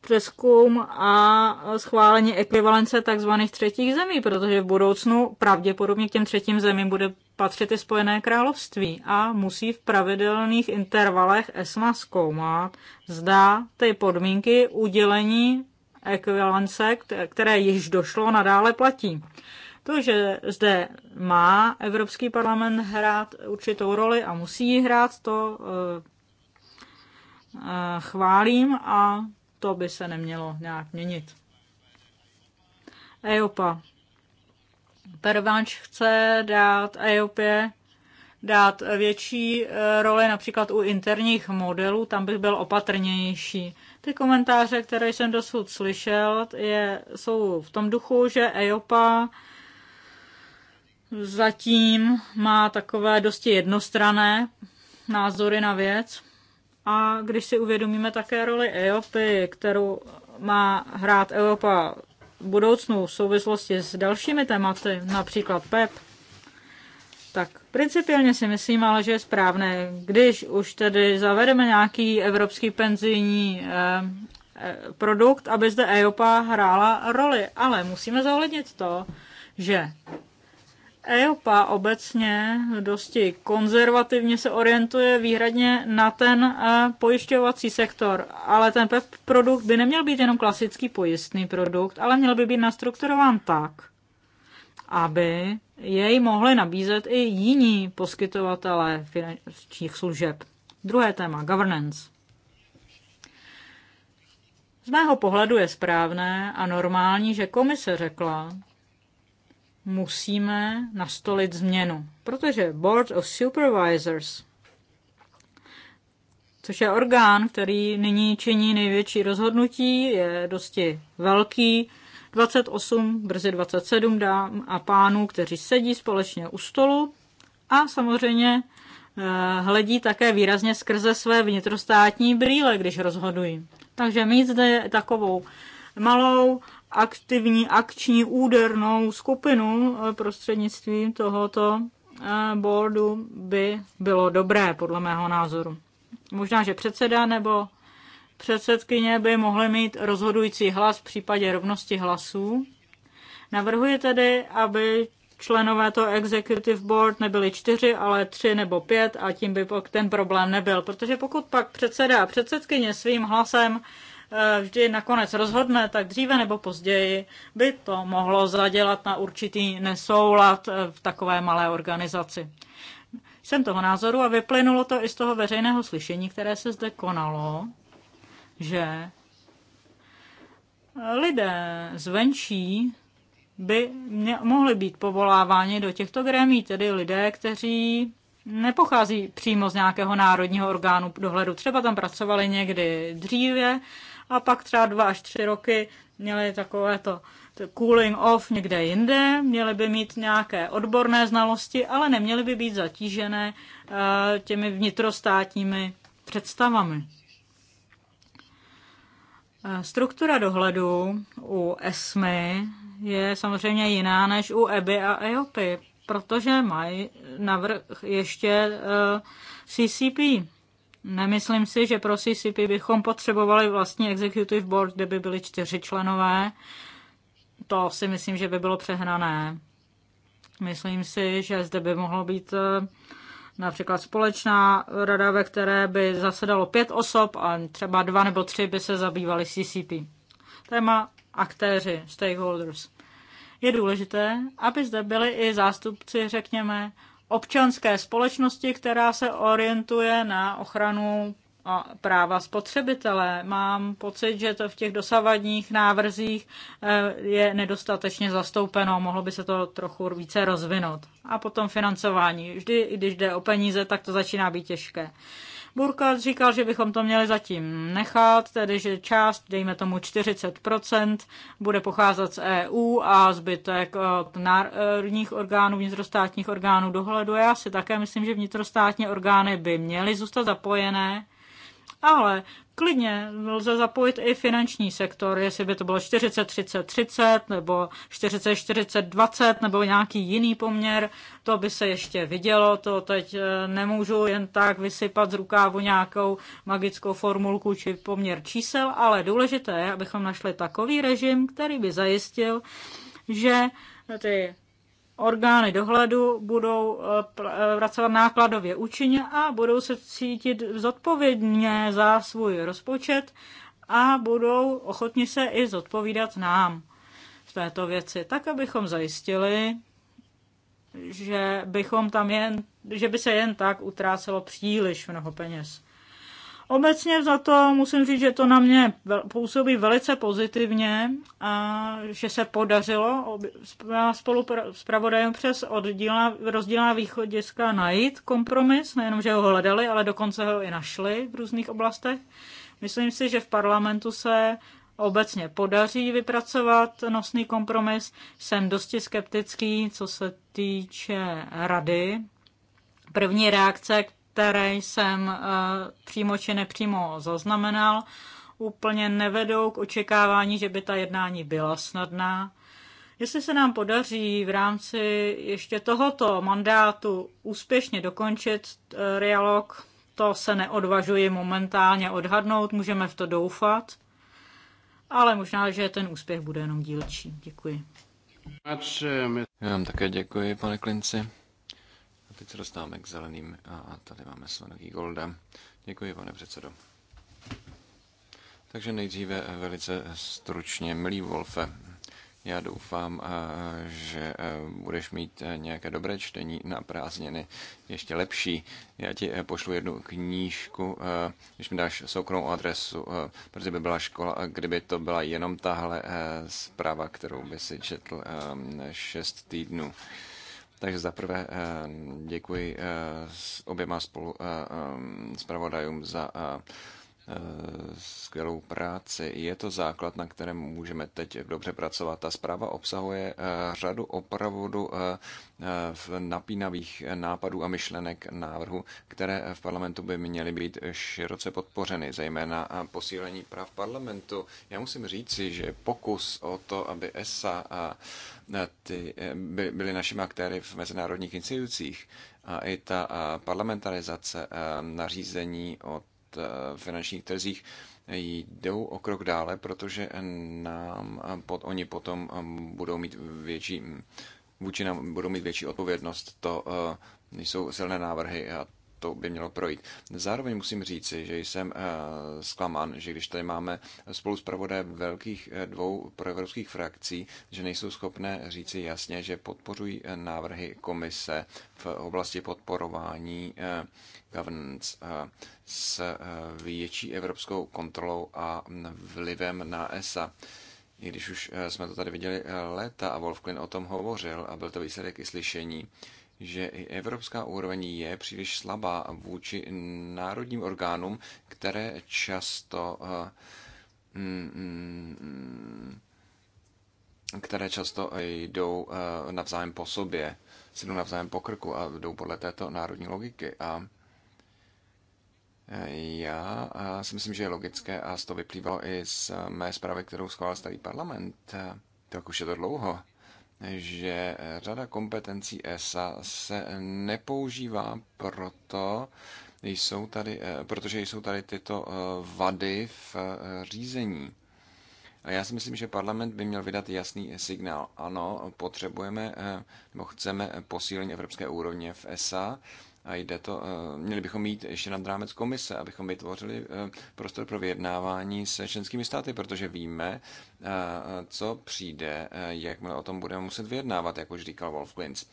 přeskum a schválení ekvivalence tzv. třetích zemí, protože v budoucnu pravděpodobně k těm třetím zemím bude patřit i Spojené království a musí v pravidelných intervalech ESMA zkoumat, zda ty podmínky udělení ekvivalence, které již došlo, nadále platí. To, že zde má Evropský parlament hrát určitou roli a musí ji hrát, to eh, chválím a to by se nemělo nějak měnit. EOPA. Pervanč chce dát EOPě dát větší e, roli například u interních modelů, tam bych byl opatrnější. Ty komentáře, které jsem dosud slyšel, je, jsou v tom duchu, že EOPA zatím má takové dosti jednostrané názory na věc. A když si uvědomíme také roli EOPy, kterou má hrát EOPA v budoucnu v souvislosti s dalšími tématy, například PEP, e tak principiálně si myslím ale, že je správné, když už tedy zavedeme nějaký evropský penzijní eh, eh produkt, aby zde EOPA hrála roli. Ale musíme zohlednit to, že EOPA obecně dosti konzervativně se orientuje výhradně na ten eh, pojišťovací sektor, ale ten PEP produkt by neměl být jenom klasický pojistný produkt, ale měl by být nastrukturován tak, aby jej mohli nabízet i jiní poskytovatelé finančních služeb. Druhé téma, governance. Z mého pohledu je správné a normální, že komise řekla, musíme nastolit změnu, protože Board of Supervisors, což je orgán, který nyní činí největší rozhodnutí, je dosti velký, 28, brzy 27 dám a pánů, kteří sedí společně u stolu a samozřejmě eh, hledí také výrazně skrze své vnitrostátní brýle, když rozhodují. Takže mít zde takovou malou aktivní akční údernou skupinu eh, prostřednictvím tohoto eh, boardu by bylo dobré, podle mého názoru. Možná, že předseda nebo předsedkyně by mohly mít rozhodující hlas v případě rovnosti hlasů. Navrhuji tedy, aby členové toho executive board nebyli čtyři, ale tři nebo pět a tím by pak ten problém nebyl. Protože pokud pak předseda a předsedkyně svým hlasem Eh, vždy nakonec rozhodne, tak dříve nebo později by to mohlo zadělat na určitý nesoulad eh, v takové malé organizaci. Jsem toho názoru a vyplynulo to i z toho veřejného slyšení, které se zde konalo, že eh, lidé zvenčí by mě, mohli být povoláváni do těchto grémí, tedy lidé, kteří nepochází přímo z nějakého národního orgánu dohledu. Třeba tam pracovali někdy dříve a pak třeba dva až tři roky měli takové to cooling off někde jinde, měli by mít nějaké odborné znalosti, ale neměli by být zatížené eh, těmi vnitrostátními představami. Eh, struktura dohledu u ESMY je samozřejmě jiná než u EBY a EOPy, protože mají navrh ještě eh, CCP. Nemyslím si, že pro CCP bychom potřebovali vlastní executive board, kde by byly čtyři členové. To si myslím, že by bylo přehnané. Myslím si, že zde by mohlo být eh, například společná rada, ve které by zasedalo pět osob a třeba dva nebo tři by se zabývali CCP. Téma aktéři, stakeholders. Je důležité, aby zde byli i zástupci, řekněme, občanské společnosti, která se orientuje na ochranu a práva spotřebitele. Mám pocit, že to v těch dosavadních návrzích eh, je nedostatečně zastoupeno, mohlo by se to trochu více rozvinout. A potom financování. Vždy, když jde o peníze, tak to začíná být těžké. Burkhardt říkal, že bychom to měli zatím nechat, tedy že část, dejme tomu 40%, bude pocházet z EU a zbytek eh, od národních orgánů, vnitrostátních orgánů dohledu. Já si také myslím, že vnitrostátní orgány by měly zůstat zapojené, ale klidně lze zapojit i finanční sektor, jestli by to bylo 40, 30, 30, nebo 40, 40, 20, nebo nějaký jiný poměr, to by se ještě vidělo, to teď eh, nemůžu jen tak vysypat z rukávu nějakou magickou formulku či poměr čísel, ale důležité je, abychom našli takový režim, který by zajistil, že ty orgány dohledu budou eh, eh, pracovat nákladově účinně a budou se cítit zodpovědně za svůj rozpočet a budou ochotni se i zodpovídat nám v této věci, tak abychom zajistili, že, bychom tam jen, že by se jen tak utrácelo příliš mnoho peněz. Obecně za to musím říct, že to na mě působí velice pozitivně a že se podařilo spolu s pravodajem přes oddíla, rozdílná východiska najít kompromis, nejenom, že ho hledali, ale dokonce ho i našli v různých oblastech. Myslím si, že v parlamentu se obecně podaří vypracovat nosný kompromis. Jsem dosti skeptický, co se týče rady. První reakce které jsem eh, přímo či nepřímo zaznamenal, úplně nevedou k očekávání, že by ta jednání byla snadná. Jestli se nám podaří v rámci ještě tohoto mandátu úspěšně dokončit dialog, eh, to se neodvažuji momentálně odhadnout, můžeme v to doufat, ale možná, že ten úspěch bude jenom dílčí. Děkuji. Eh, Já vám také děkuji, pane Klinci teď se dostáváme k zeleným a tady máme Svenoký Golda. Děkuji, pane předsedo. Takže nejdříve velice stručně, milý Wolfe, já doufám, že budeš mít nějaké dobré čtení na prázdniny, ještě lepší. Já ti e, pošlu jednu knížku, e, když mi dáš soukromou adresu, e, protože by byla škola, kdyby to byla jenom tahle zpráva, kterou by si četl 6 týdnů. Takže zaprvé eh, děkuji eh, oběma spolu eh, zpravodajům za skvělou práci. Je to základ, na kterém můžeme teď dobře pracovat. Ta zpráva obsahuje eh, řadu opravdu eh, eh, napínavých nápadů a myšlenek návrhu, které v parlamentu by měly být široce podpořeny, zejména posílení práv parlamentu. Já musím říci, že pokus o to, aby ESA a ty, by, byly našimi aktéry v mezinárodních institucích, a i ta parlamentarizace nařízení o finančních trzích jdou o krok dále, protože nám pod, oni potom um, budou mít větší vůči nám budou mít větší odpovědnost. To uh, jsou silné návrhy a to by mělo projít. Zároveň musím říci, že jsem eh, zklamán, že když tady máme spolu s velkých eh, dvou proevropských frakcí, že nejsou schopné říci jasně, že podpořují eh, návrhy komise v oblasti podporování governance s větší evropskou kontrolou a vlivem na ESA. I když už jsme to tady viděli léta a Wolfklin o tom hovořil a byl to výsledek i slyšení, že i evropská úroveň je příliš slabá vůči národním orgánům, které často eh, mm, mm, které často jdou eh, navzájem po sobě, si jdou navzájem po krku a jdou podle této národní logiky. A eh, já si myslím, že je logické a z to vyplývalo i z mé zprávy, kterou schválil starý parlament. Tak už je to dlouho že eh, řada kompetencí ESA se nepoužívá proto, jsou tady, eh, protože jsou tady tyto eh, vady v řízení. A já si myslím, že parlament by měl vydat jasný signál. Ano, potřebujeme nebo chceme posílení evropské úrovně v ESA, a jde to, eh, měli bychom mít ještě nad rámec komise, abychom vytvořili eh, prostor pro vyjednávání se členskými státy, protože víme, eh, co přijde, jakmile o tom budeme muset vyjednávat, jak už říkal Wolf Klintz.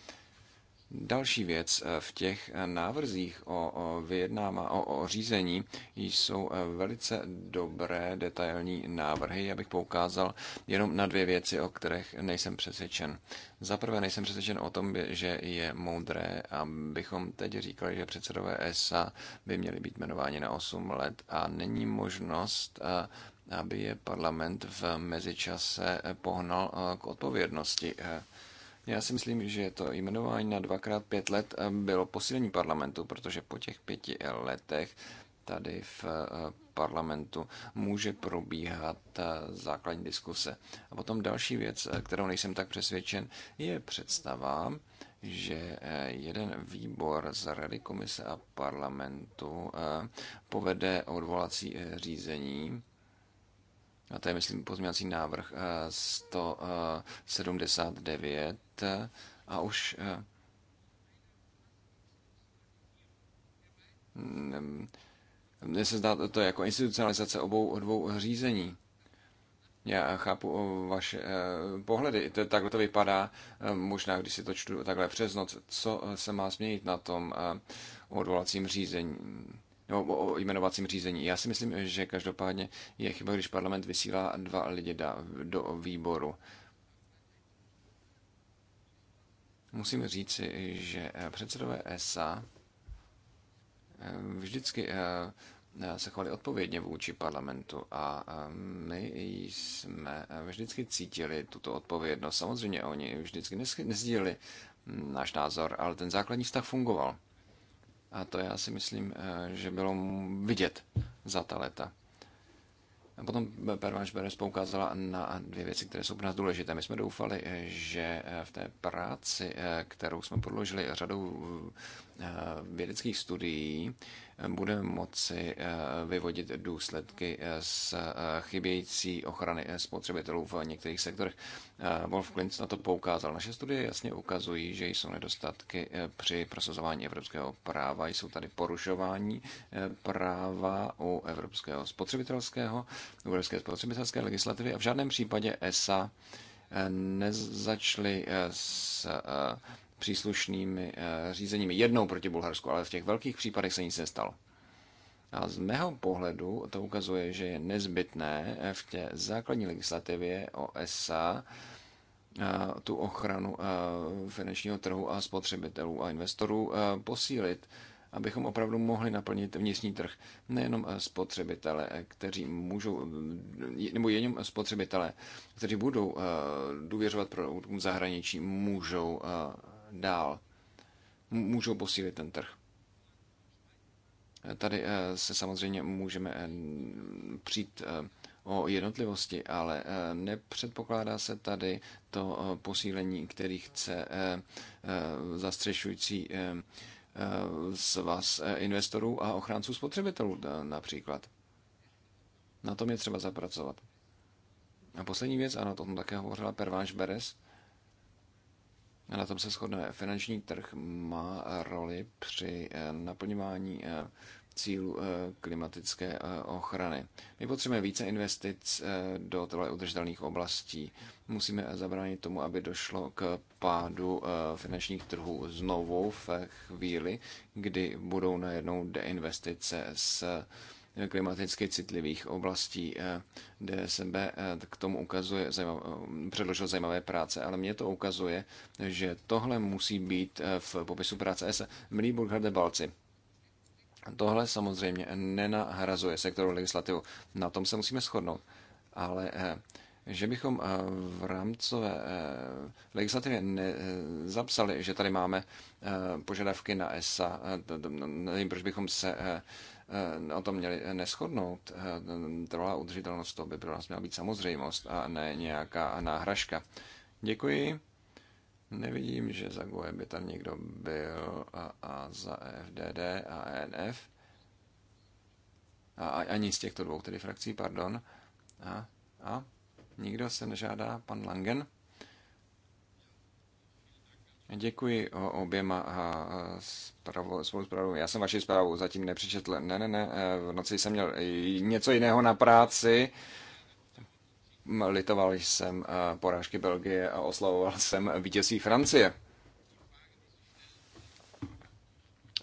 Další věc eh, v těch eh, návrzích o, o vyjednáma, o, o řízení jsou eh, velice dobré detailní návrhy. Já bych poukázal jenom na dvě věci, o kterých nejsem přesvědčen. Za prvé nejsem přesvědčen o tom, že je moudré, abychom teď říkali, že předsedové ESA by měli být jmenováni na 8 let a není možnost aby je parlament v mezičase pohnal k odpovědnosti já si myslím, že to jmenování na dvakrát pět let eh, bylo posílení parlamentu, protože po těch pěti letech tady v eh, parlamentu může probíhat eh, základní diskuse. A potom další věc, kterou nejsem tak přesvědčen, je představa, že jeden výbor z Rady komise a parlamentu povede odvolací řízení a to je, myslím, pozměňovací návrh 179 eh, eh, a už eh, mm, mně se zdá to jako institucionalizace obou dvou řízení. Já chápu vaše pohledy. Takhle to vypadá, možná když si to čtu takhle přes noc, co se má změnit na tom odvolacím řízení nebo o jmenovacím řízení. Já si myslím, že každopádně je chyba, když parlament vysílá dva lidi do výboru. Musím říci, že eh, předsedové ESA eh, vždycky eh, se chovali odpovědně vůči parlamentu a my jsme vždycky cítili tuto odpovědnost. Samozřejmě oni vždycky nesdíleli hm, náš názor, ale ten základní vztah fungoval. A to já si myslím, eh, že bylo vidět za ta léta. A potom Pervanš Beres poukázala na dvě věci, které jsou pro nás důležité. My jsme doufali, eh, že eh, v té práci, kterou jsme podložili řadou vědeckých studií, bude moci eh, vyvodit důsledky eh, z eh, chybějící ochrany spotřebitelů v některých sektorech. Wolf Klintz na to poukázal. Naše studie jasně ukazují, že jsou nedostatky při prosazování evropského práva, jsou tady porušování práva u evropského spotřebitelského, u evropské spotřebitelské legislativy a v žádném případě ESA nezačaly s příslušnými eh, řízeními. Jednou proti Bulharsku, ale v těch velkých případech se nic nestalo. A z mého pohledu to ukazuje, že je nezbytné eh, v té základní legislativě OSA eh, tu ochranu finančního trhu a spotřebitelů a investorů posílit, abychom opravdu mohli naplnit vnitřní trh. Nejenom spotřebitele, kteří můžou, nebo jenom spotřebitele, kteří budou důvěřovat produktům zahraničí, můžou dál můžou posílit ten trh. Tady eh, se samozřejmě můžeme eh, přijít eh, o jednotlivosti, ale nepředpokládá se tady to posílení, který chce zastřešující z vás investorů a ochránců spotřebitelů například. Na tom je třeba zapracovat. A poslední věc, ano, to tom také hovořila Perváš Beres, na tom se shodneme, finanční trh má roli při eh, naplňování eh, cílů eh, klimatické ochrany. My potřebujeme více investic do tohle udržitelných oblastí. Musíme zabránit tomu, aby došlo k pádu finančních trhů znovu v chvíli, kdy budou najednou deinvestice s klimaticky citlivých oblastí. Eh, DSB eh, k tomu ukazuje, eh, předložil zajímavé práce, ale mě to ukazuje, že tohle musí být v popisu práce S. Milí Burkharde Balci, tohle samozřejmě nenahrazuje sektoru legislativu. Na tom se musíme shodnout. Ale že bychom v rámcové legislativě nezapsali, že tady máme požadavky na ESA, nevím, proč bychom se o eh, tom měli neschodnout. Eh, trvalá udržitelnost to by pro nás měla být samozřejmost a ne nějaká náhražka. Děkuji. Nevidím, že za GOE by tam někdo byl a, a za e FDD a ENF. A, a ani z těchto dvou tedy frakcí, pardon. A, a nikdo se nežádá, pan Langen. Děkuji oběma spoluzprávům. Já jsem vaši zprávu zatím nepřečetl. Ne, ne, ne, e, v noci jsem měl něco jiného na práci. Litoval jsem e, porážky Belgie a oslavoval jsem vítězství Francie.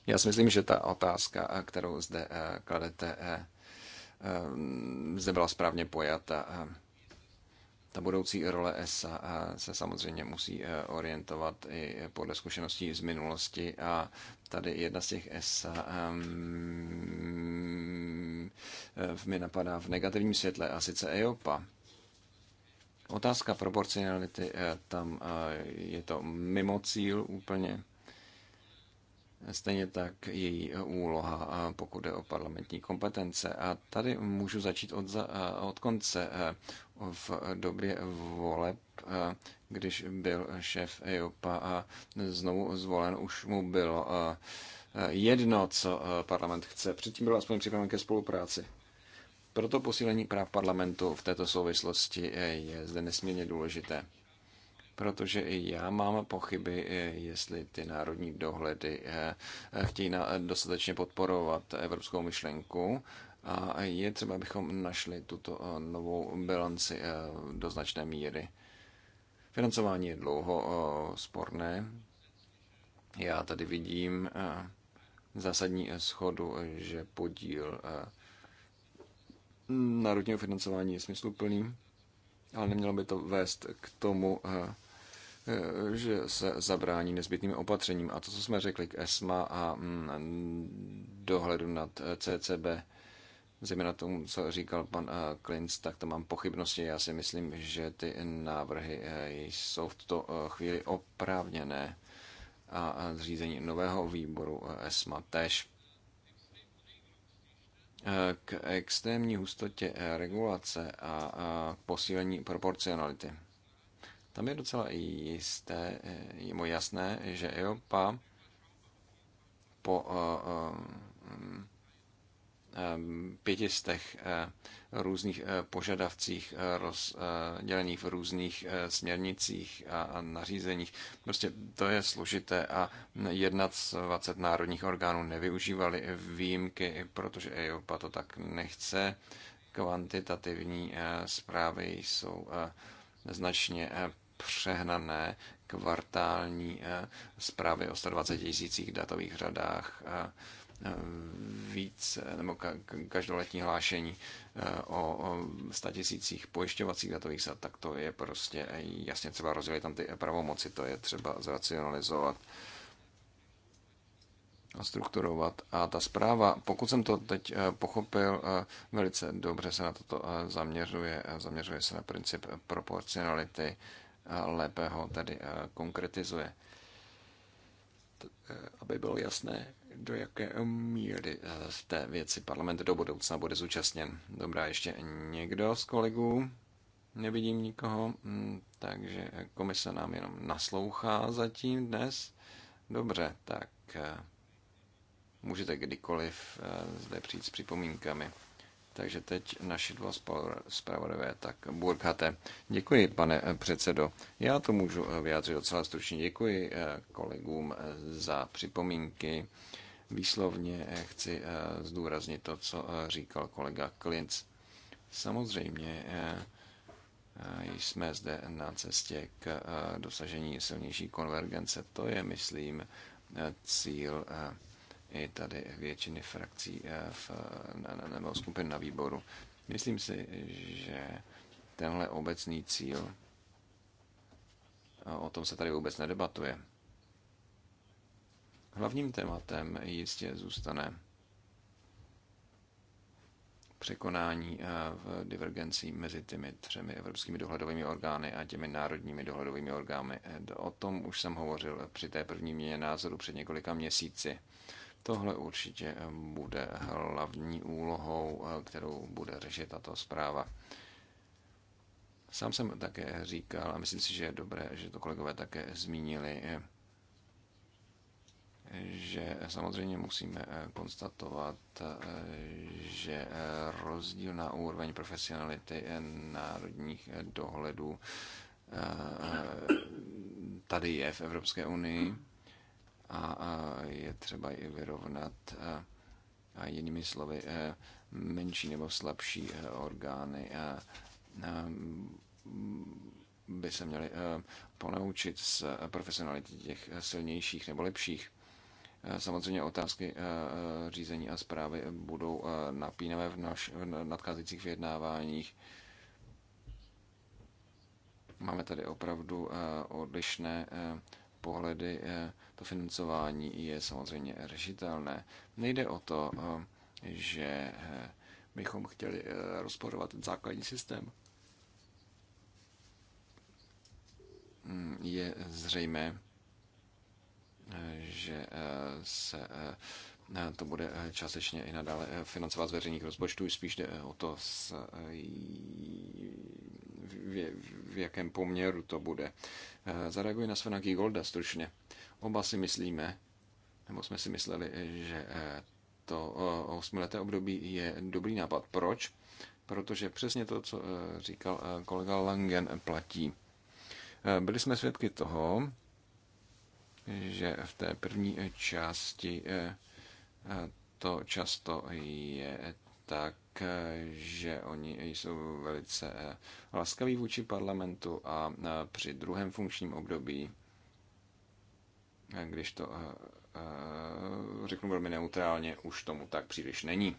Já si myslím, že ta otázka, e, kterou zde kladete, zde byla správně pojata. Ta budoucí role ESA se samozřejmě musí eh, orientovat i podle zkušeností z minulosti a tady jedna z těch ESA um, mm, eh, mi napadá v negativním světle a sice EOPA. Otázka proporcionality, eh, tam je to mimo cíl úplně. Stejně tak její úloha, pokud jde o parlamentní kompetence. A tady můžu začít od, za, od konce. V době voleb, když byl šéf EOPA znovu zvolen, už mu bylo jedno, co parlament chce. Předtím byl aspoň připraven ke spolupráci. Proto posílení práv parlamentu v této souvislosti e, je zde nesmírně důležité protože i já mám pochyby, eh, jestli ty národní dohledy eh, eh, chtějí dostatečně podporovat evropskou myšlenku. A je třeba, abychom našli tuto novou bilanci do značné míry. Financování je dlouho sporné. Já tady vidím zásadní schodu, že podíl národního financování je smysluplný, ale nemělo by to vést k tomu, Eh, že se zabrání nezbytným opatřením. A to, co jsme řekli k ESMA a mm, dohledu nad eh, CCB, zejména tomu, co říkal pan eh, Klinc, tak to mám pochybnosti. Já si myslím, že ty návrhy jsou v tuto chvíli oprávněné a zřízení nového výboru ESMA tež. K extrémní hustotě regulace a k posílení proporcionality. Tam je docela jisté, eh, je mu jasné, že EOPA po eh, eh, mm, pětistech různých požadavcích rozdělených v různých směrnicích a nařízeních. Prostě to je složité a 21 národních orgánů nevyužívali výjimky, protože EOPA to tak nechce. Kvantitativní zprávy jsou značně přehnané kvartální eh, zprávy o 120 tisících datových řadách eh, eh, víc, nebo každoletní hlášení o 100 tisících pojišťovacích datových sad, tak to je prostě jasně třeba rozdělit tam ty pravomoci, to je třeba zracionalizovat a strukturovat. A ta zpráva, pokud jsem to teď pochopil, velice dobře se na toto zaměřuje, zaměřuje se na princip proporcionality lépe ho tedy eh, konkretizuje, eh, aby bylo jasné, do jaké míry z eh, té věci parlament do budoucna bude zúčastněn. Dobrá, ještě někdo z kolegů? Nevidím nikoho, hm, takže komise nám jenom naslouchá zatím dnes. Dobře, tak můžete kdykoliv zde přijít s připomínkami. Takže teď naši dva zpravodové, tak Burkhate. Děkuji, pane eh, předsedo. Já to můžu eh, vyjádřit docela stručně. Děkuji eh, kolegům za připomínky. Výslovně chci zdůraznit to, co říkal kolega Klinc. Samozřejmě jsme zde na cestě k dosažení silnější konvergence. To je, myslím, cíl i tady většiny frakcí eh, v, nebo skupin na výboru. Myslím si, že tenhle obecný cíl, eh, o tom se tady vůbec nedebatuje. Hlavním tématem jistě zůstane překonání eh, v divergencí mezi těmi třemi evropskými dohledovými orgány a těmi národními dohledovými orgány. O tom už jsem hovořil při té první měně názoru před několika měsíci. Tohle určitě eh, bude hlavní úlohou, eh, kterou bude řešit tato zpráva. Sám jsem také říkal, a myslím si, že je dobré, že to kolegové také zmínili, eh, že samozřejmě musíme konstatovat, že rozdíl na úroveň profesionality národních dohledů tady je v Evropské unii a je třeba i vyrovnat a jinými slovy e, menší nebo slabší e, orgány by se měly e, ponaučit z profesionality těch silnějších nebo lepších. Samozřejmě otázky řízení a zprávy budou napínavé v, naš, v nadcházejících vyjednáváních. Máme tady opravdu odlišné pohledy eh, to financování je samozřejmě řešitelné. Nejde o to, eh, že eh, bychom chtěli rozporovat ten základní systém. Hmm, je zřejmé, že se Eh, to bude eh, částečně i nadále eh, financovat z veřejných rozpočtů. Spíš jde o to, s, v, jakém poměru to bude. Zareaguji na Svena Golda stručně. Oba si myslíme, nebo jsme si mysleli, že to osmileté období je dobrý nápad. Proč? Protože přesně to, co říkal kolega Langen, platí. Byli jsme svědky toho, že v té první části to často je tak, že oni jsou velice eh, laskaví vůči parlamentu a eh, při druhém funkčním období, eh, když to řeknu velmi neutrálně, už tomu tak příliš není.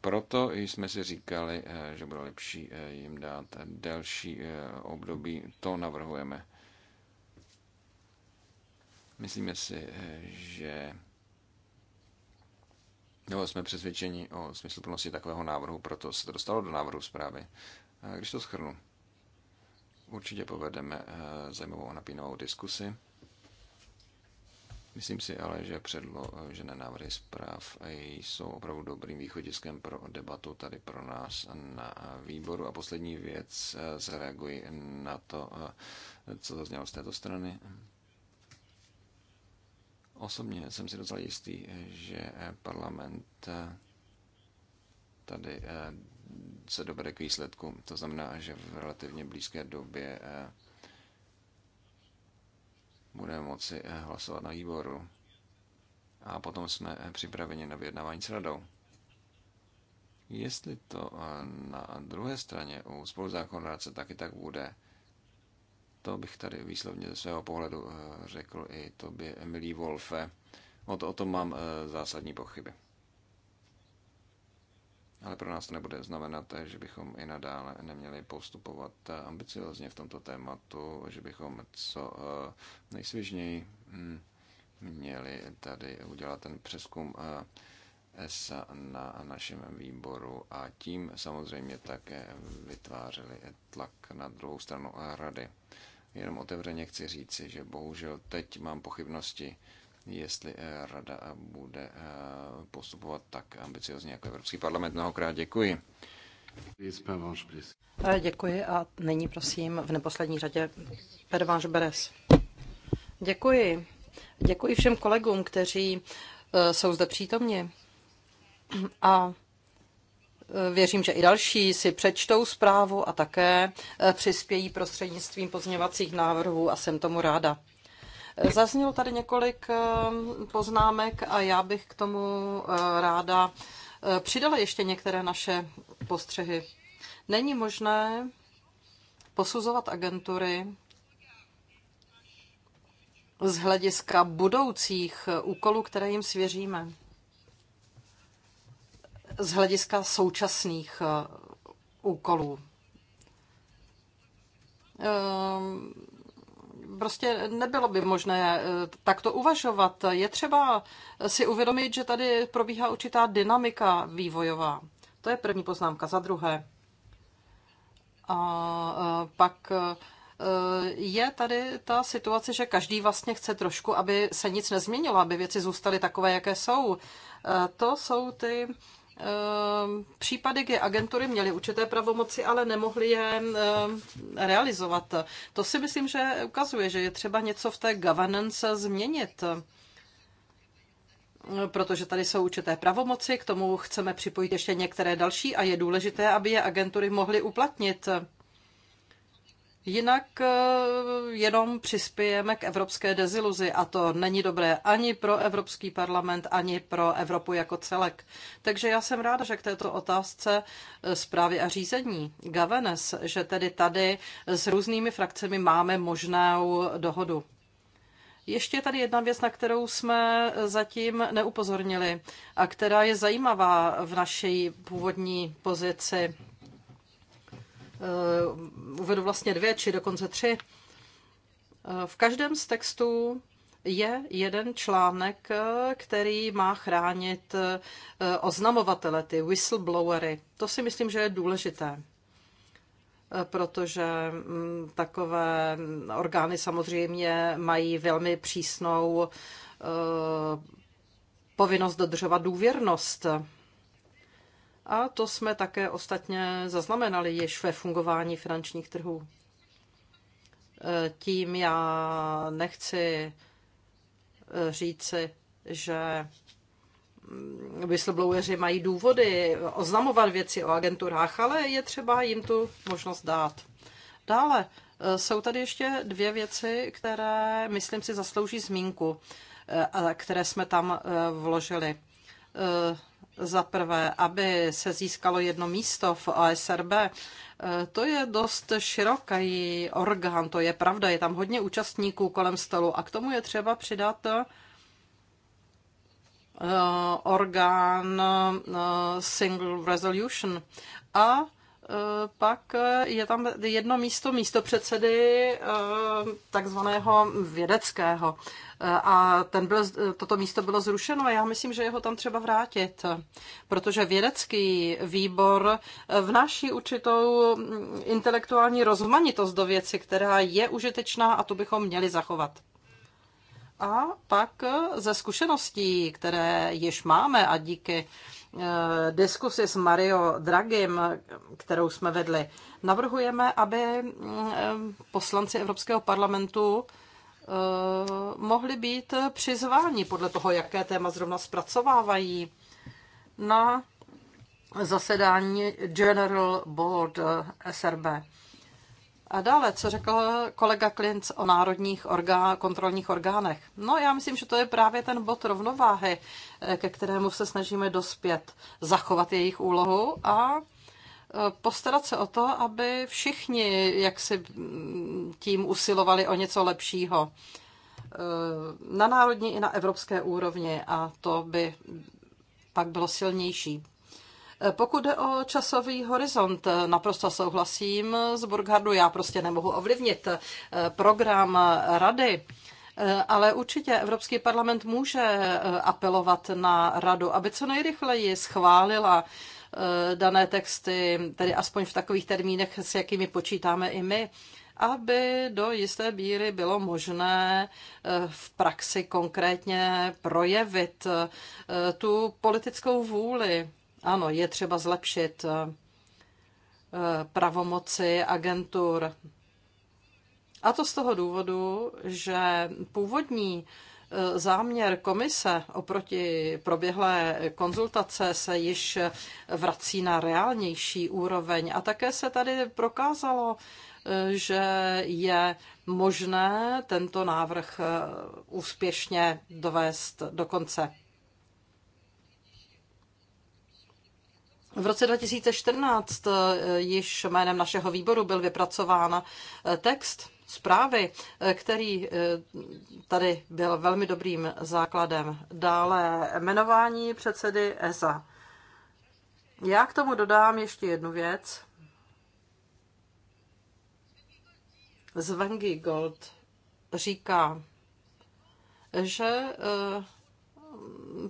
Proto jsme si říkali, že bude lepší jim dát delší období. To navrhujeme. Myslíme si, že nebo jsme přesvědčeni o smysluplnosti takového návrhu, proto se to dostalo do návrhu zprávy. Když to schrnu, určitě povedeme eh, zajímavou a napínavou diskusi. Myslím si ale, že předložené eh, návrhy zpráv jsou opravdu dobrým východiskem pro debatu tady pro nás na eh, výboru. A poslední věc, zareaguji na to, co zaznělo z této strany. Osobně jsem si docela jistý, že eh, parlament eh, tady eh, se dobere k výsledku. To znamená, že v relativně blízké době budeme moci hlasovat na výboru. A potom jsme připraveni na vyjednávání s radou. Jestli to na druhé straně u spoluzákonodárce taky tak bude, to bych tady výslovně ze svého pohledu eh, řekl i tobě, Emilí Wolfe. O, to, o tom mám eh, zásadní pochyby. Ale pro nás to nebude znamenat, eh, že bychom i nadále neměli postupovat ambiciozně v tomto tématu, že bychom co nejsvěžněji hm, měli tady udělat ten přeskum ESA na našem výboru a tím samozřejmě také vytvářeli tlak na druhou stranu rady. Jenom otevřeně chci říci, že bohužel teď mám pochybnosti, jestli eh, rada eh, bude eh, postupovat tak ambiciozně jako Evropský parlament. Mnohokrát děkuji. Děkuji a nyní prosím v neposlední řadě Pervanš Beres. Děkuji. Děkuji všem kolegům, kteří jsou zde přítomni. A Věřím, že i další si přečtou zprávu a také eh, přispějí prostřednictvím pozměvacích návrhů a jsem tomu ráda. Eh, zaznělo tady několik eh, poznámek a já bych k tomu ráda přidala ještě některé naše postřehy. Není možné posuzovat agentury z hlediska budoucích úkolů, které jim svěříme z hlediska současných eh, úkolů. Ehm, prostě nebylo by možné eh, takto uvažovat. Je třeba si uvědomit, že tady probíhá určitá dynamika vývojová. To je první poznámka. Za druhé, a eh, pak je tady ta situace, že každý vlastně chce trošku, aby se nic nezměnilo, aby věci zůstaly takové, jaké jsou. To jsou ty Ehm, případy, kdy agentury měly určité pravomoci, ale nemohly je ehm, realizovat. To si myslím, že ukazuje, že je třeba něco v té governance změnit protože tady jsou určité pravomoci, k tomu chceme připojit ještě některé další a je důležité, aby je agentury mohly uplatnit. Jinak eh, jenom přispějeme k evropské deziluzi a to není dobré ani pro Evropský parlament, ani pro Evropu jako celek. Takže já jsem ráda, že k této otázce eh, zprávy a řízení, governance, že tedy tady s různými frakcemi máme možnou dohodu. Ještě je tady jedna věc, na kterou jsme eh, zatím neupozornili a která je zajímavá v naší původní pozici Eh, uvedu vlastně dvě, či dokonce tři. Eh, v každém z textů je jeden článek, eh, který má chránit oznamovatele, ty whistleblowery. To si myslím, že je důležité, protože mm, takové orgány samozřejmě mají velmi přísnou povinnost dodržovat důvěrnost a to jsme také ostatně zaznamenali již ve fungování finančních trhů. E, tím já nechci e, říci, že mm, whistlebloweri mají důvody oznamovat věci o agenturách, ale je třeba jim tu možnost dát. Dále e, jsou tady ještě dvě věci, které, myslím si, zaslouží zmínku, které jsme tam vložili za prvé, aby se získalo jedno místo v ASRB, e, to je dost široký orgán, to je pravda, je tam hodně účastníků kolem stolu a k tomu je třeba přidat e, orgán e, Single Resolution a Eh, pak eh, je tam jedno místo místo předsedy eh, takzvaného vědeckého a ten byl, toto místo bylo zrušeno a já myslím, že jeho tam třeba vrátit, protože vědecký výbor vnáší určitou mm, intelektuální rozmanitost do věci, která je užitečná a tu bychom měli zachovat. A pak ze zkušeností, které již máme a díky uh, Eh, diskusi s Mario Dragim, kterou jsme vedli, navrhujeme, aby eh, poslanci Evropského parlamentu eh, mohli být přizváni podle toho, jaké téma zrovna zpracovávají na zasedání General Board SRB. A dále, co řekl kolega Klinc o národních orgán, kontrolních orgánech. No, já myslím, že to je právě ten bod rovnováhy, eh, ke kterému se snažíme dospět, zachovat jejich úlohu a eh, postarat se o to, aby všichni jak si mm, tím usilovali o něco lepšího eh, na národní i na evropské úrovni a to by pak bylo silnější. Pokud jde o časový horizont, naprosto souhlasím s Burghardu, já prostě nemohu ovlivnit eh, program rady. Eh, ale určitě Evropský parlament může eh, apelovat na radu, aby co nejrychleji schválila dané texty, tedy aspoň v takových termínech, s jakými počítáme i my, aby do jisté bíry bylo možné v praxi konkrétně projevit tu politickou vůli ano, je třeba zlepšit eh, eh, pravomoci agentur. A to z toho důvodu, že původní eh, záměr komise oproti proběhlé konzultace se již vrací na reálnější úroveň. A také se tady prokázalo, že je možné tento návrh úspěšně dovést do konce. V roce 2014 eh, již jménem našeho výboru byl vypracován eh, text zprávy, eh, který tady byl velmi dobrým základem. Dále jmenování předsedy ESA. Já k tomu dodám ještě jednu věc. Zvengi Gold říká, že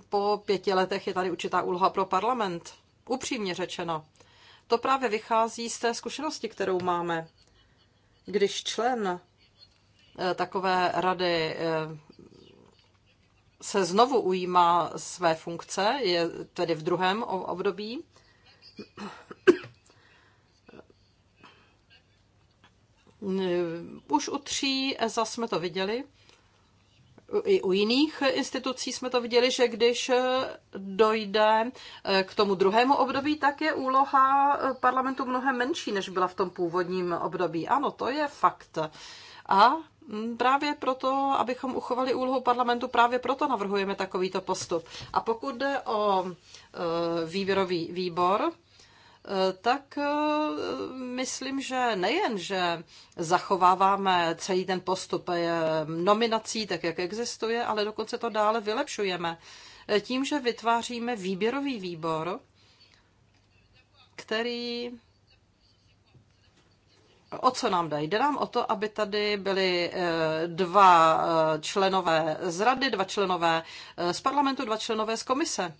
po pěti letech je tady určitá úloha pro parlament Upřímně řečeno. To právě vychází z té zkušenosti, kterou máme. Když člen eh, takové rady eh, se znovu ujímá své funkce, je tedy v druhém období, už u tří ESA eh, jsme to viděli, i u jiných institucí jsme to viděli, že když dojde eh, k tomu druhému období, tak je úloha eh, parlamentu mnohem menší, než byla v tom původním období. Ano, to je fakt. A mm, právě proto, abychom uchovali úlohu parlamentu, právě proto navrhujeme takovýto postup. A pokud jde o eh, výběrový výbor, Eh, tak eh, myslím, že nejen, že zachováváme celý ten postup eh, nominací, tak jak existuje, ale dokonce to dále vylepšujeme tím, že vytváříme výběrový výbor, který O co nám dají? Jde nám o to, aby tady byli dva členové z rady, dva členové z parlamentu, dva členové z komise.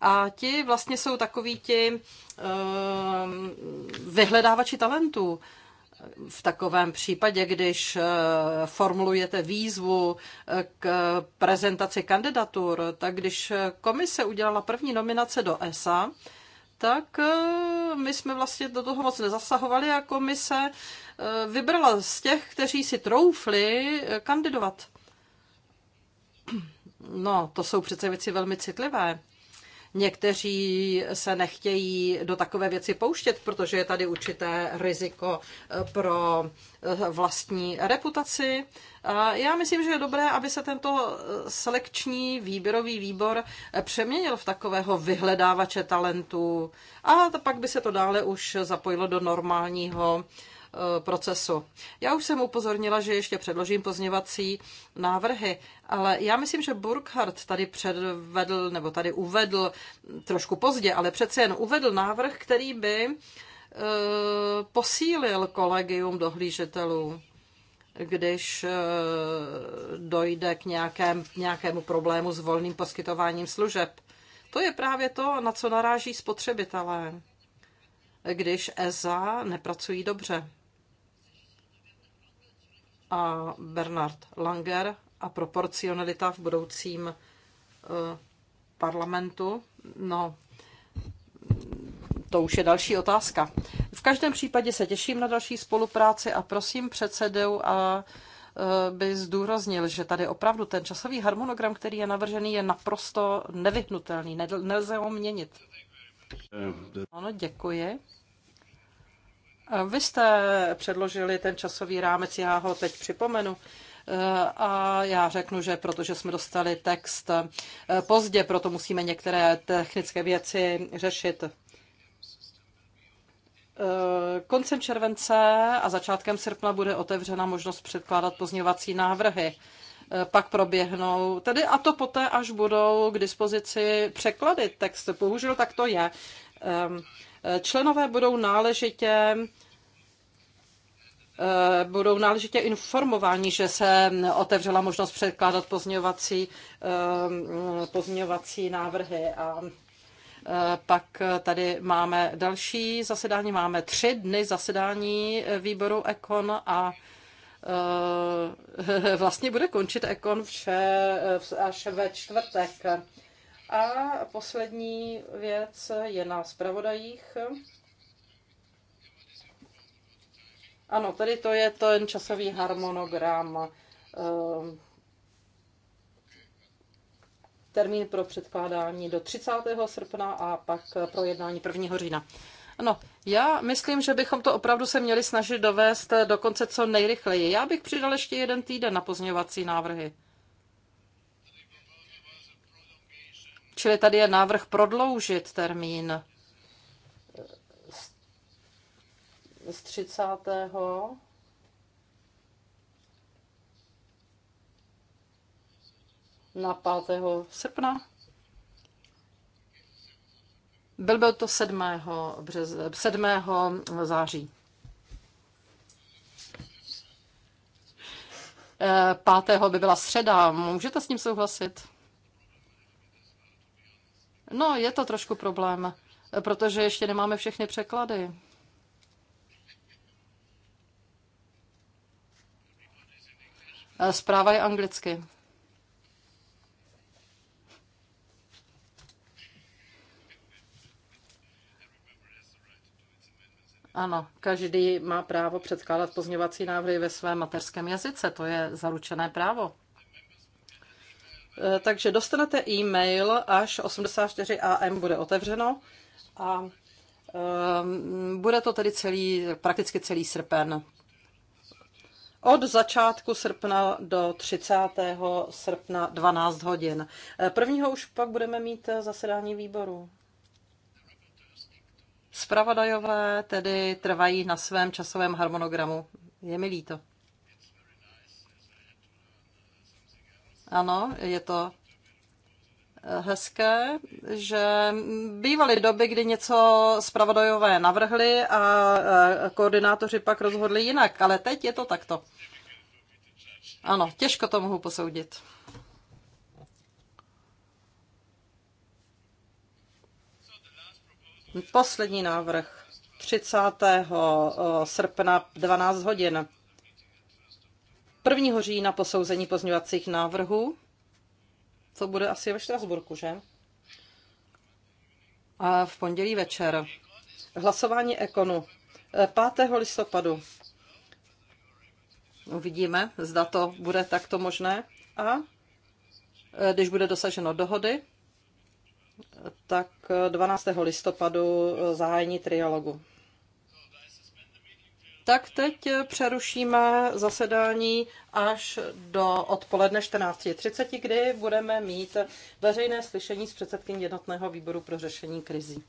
A ti vlastně jsou takový ti ehm, vyhledávači talentů. V takovém případě, když eh, formulujete výzvu eh, k prezentaci kandidatur, tak když eh, komise udělala první nominace do ESA, tak my jsme vlastně do toho moc nezasahovali a komise vybrala z těch, kteří si troufli kandidovat. No, to jsou přece věci velmi citlivé. Někteří se nechtějí do takové věci pouštět, protože je tady určité riziko eh, pro eh, vlastní reputaci. A já myslím, že je dobré, aby se tento eh, selekční výběrový výbor přeměnil v takového vyhledávače talentů a pak by se to dále už zapojilo do normálního Eh, procesu. Já už jsem upozornila, že ještě předložím pozněvací návrhy, ale já myslím, že Burkhardt tady předvedl, nebo tady uvedl trošku pozdě, ale přece jen uvedl návrh, který by eh, posílil kolegium dohlížitelů když eh, dojde k nějakém, nějakému problému s volným poskytováním služeb. To je právě to, na co naráží spotřebitelé, když EZA nepracují dobře a Bernard Langer a proporcionalita v budoucím eh, parlamentu. No, to už je další otázka. V každém případě se těším na další spolupráci a prosím předsedu a eh, by zdůraznil, že tady opravdu ten časový harmonogram, který je navržený, je naprosto nevyhnutelný. Nelze ho měnit. Eh, ano, děkuji. Vy jste předložili ten časový rámec, já ho teď připomenu. Eh, a já řeknu, že protože jsme dostali text eh, pozdě, proto musíme některé technické věci řešit. Eh, koncem července a začátkem srpna bude otevřena možnost předkládat pozměňovací návrhy pak proběhnou. Tedy a to poté, až budou k dispozici překlady textu. Bohužel tak to je. Ehm, Členové budou náležitě eh, budou náležitě informováni, že se otevřela možnost předkládat pozměňovací, eh, pozměňovací návrhy. A eh, pak tady máme další zasedání, máme tři dny zasedání výboru Ekon a vlastně bude končit Ekon vše, až ve čtvrtek. A poslední věc je na zpravodajích. Ano, tady to je ten časový harmonogram. Ehm, termín pro předkládání do 30. srpna a pak pro jednání 1. října. No, já myslím, že bychom to opravdu se měli snažit dovést do konce co nejrychleji. Já bych přidal ještě jeden týden na pozměňovací návrhy. Čili tady je návrh prodloužit termín z 30. na 5. srpna. Byl byl to 7. Břez, 7. září. 5. Eh, by byla středa. Můžete s ním souhlasit? No, je to trošku problém, protože ještě nemáme všechny překlady. Zpráva je anglicky. Ano, každý má právo předkládat pozměvací návrhy ve svém mateřském jazyce, to je zaručené právo. Eh, takže dostanete e-mail, až 84 AM bude otevřeno a eh, bude to tedy celý, prakticky celý srpen. Od začátku srpna do 30. srpna 12 hodin. Eh, prvního už pak budeme mít zasedání výboru. Spravodajové tedy trvají na svém časovém harmonogramu. Je mi líto. Ano, je to eh, hezké, že bývaly doby, kdy něco zpravodajové navrhli a eh, koordinátoři pak rozhodli jinak, ale teď je to takto. Ano, těžko to mohu posoudit. Poslední návrh 30. Eh, srpna 12 hodin. 1. října posouzení pozměňovacích návrhů. To bude asi ve Štrasburku, že? A v pondělí večer. Hlasování Ekonu 5. E, listopadu. Uvidíme, zda to bude takto možné. A e, když bude dosaženo dohody, e, tak 12. listopadu zahájení trialogu tak teď přerušíme zasedání až do odpoledne 14.30, kdy budeme mít veřejné slyšení s předsedkyní jednotného výboru pro řešení krizí.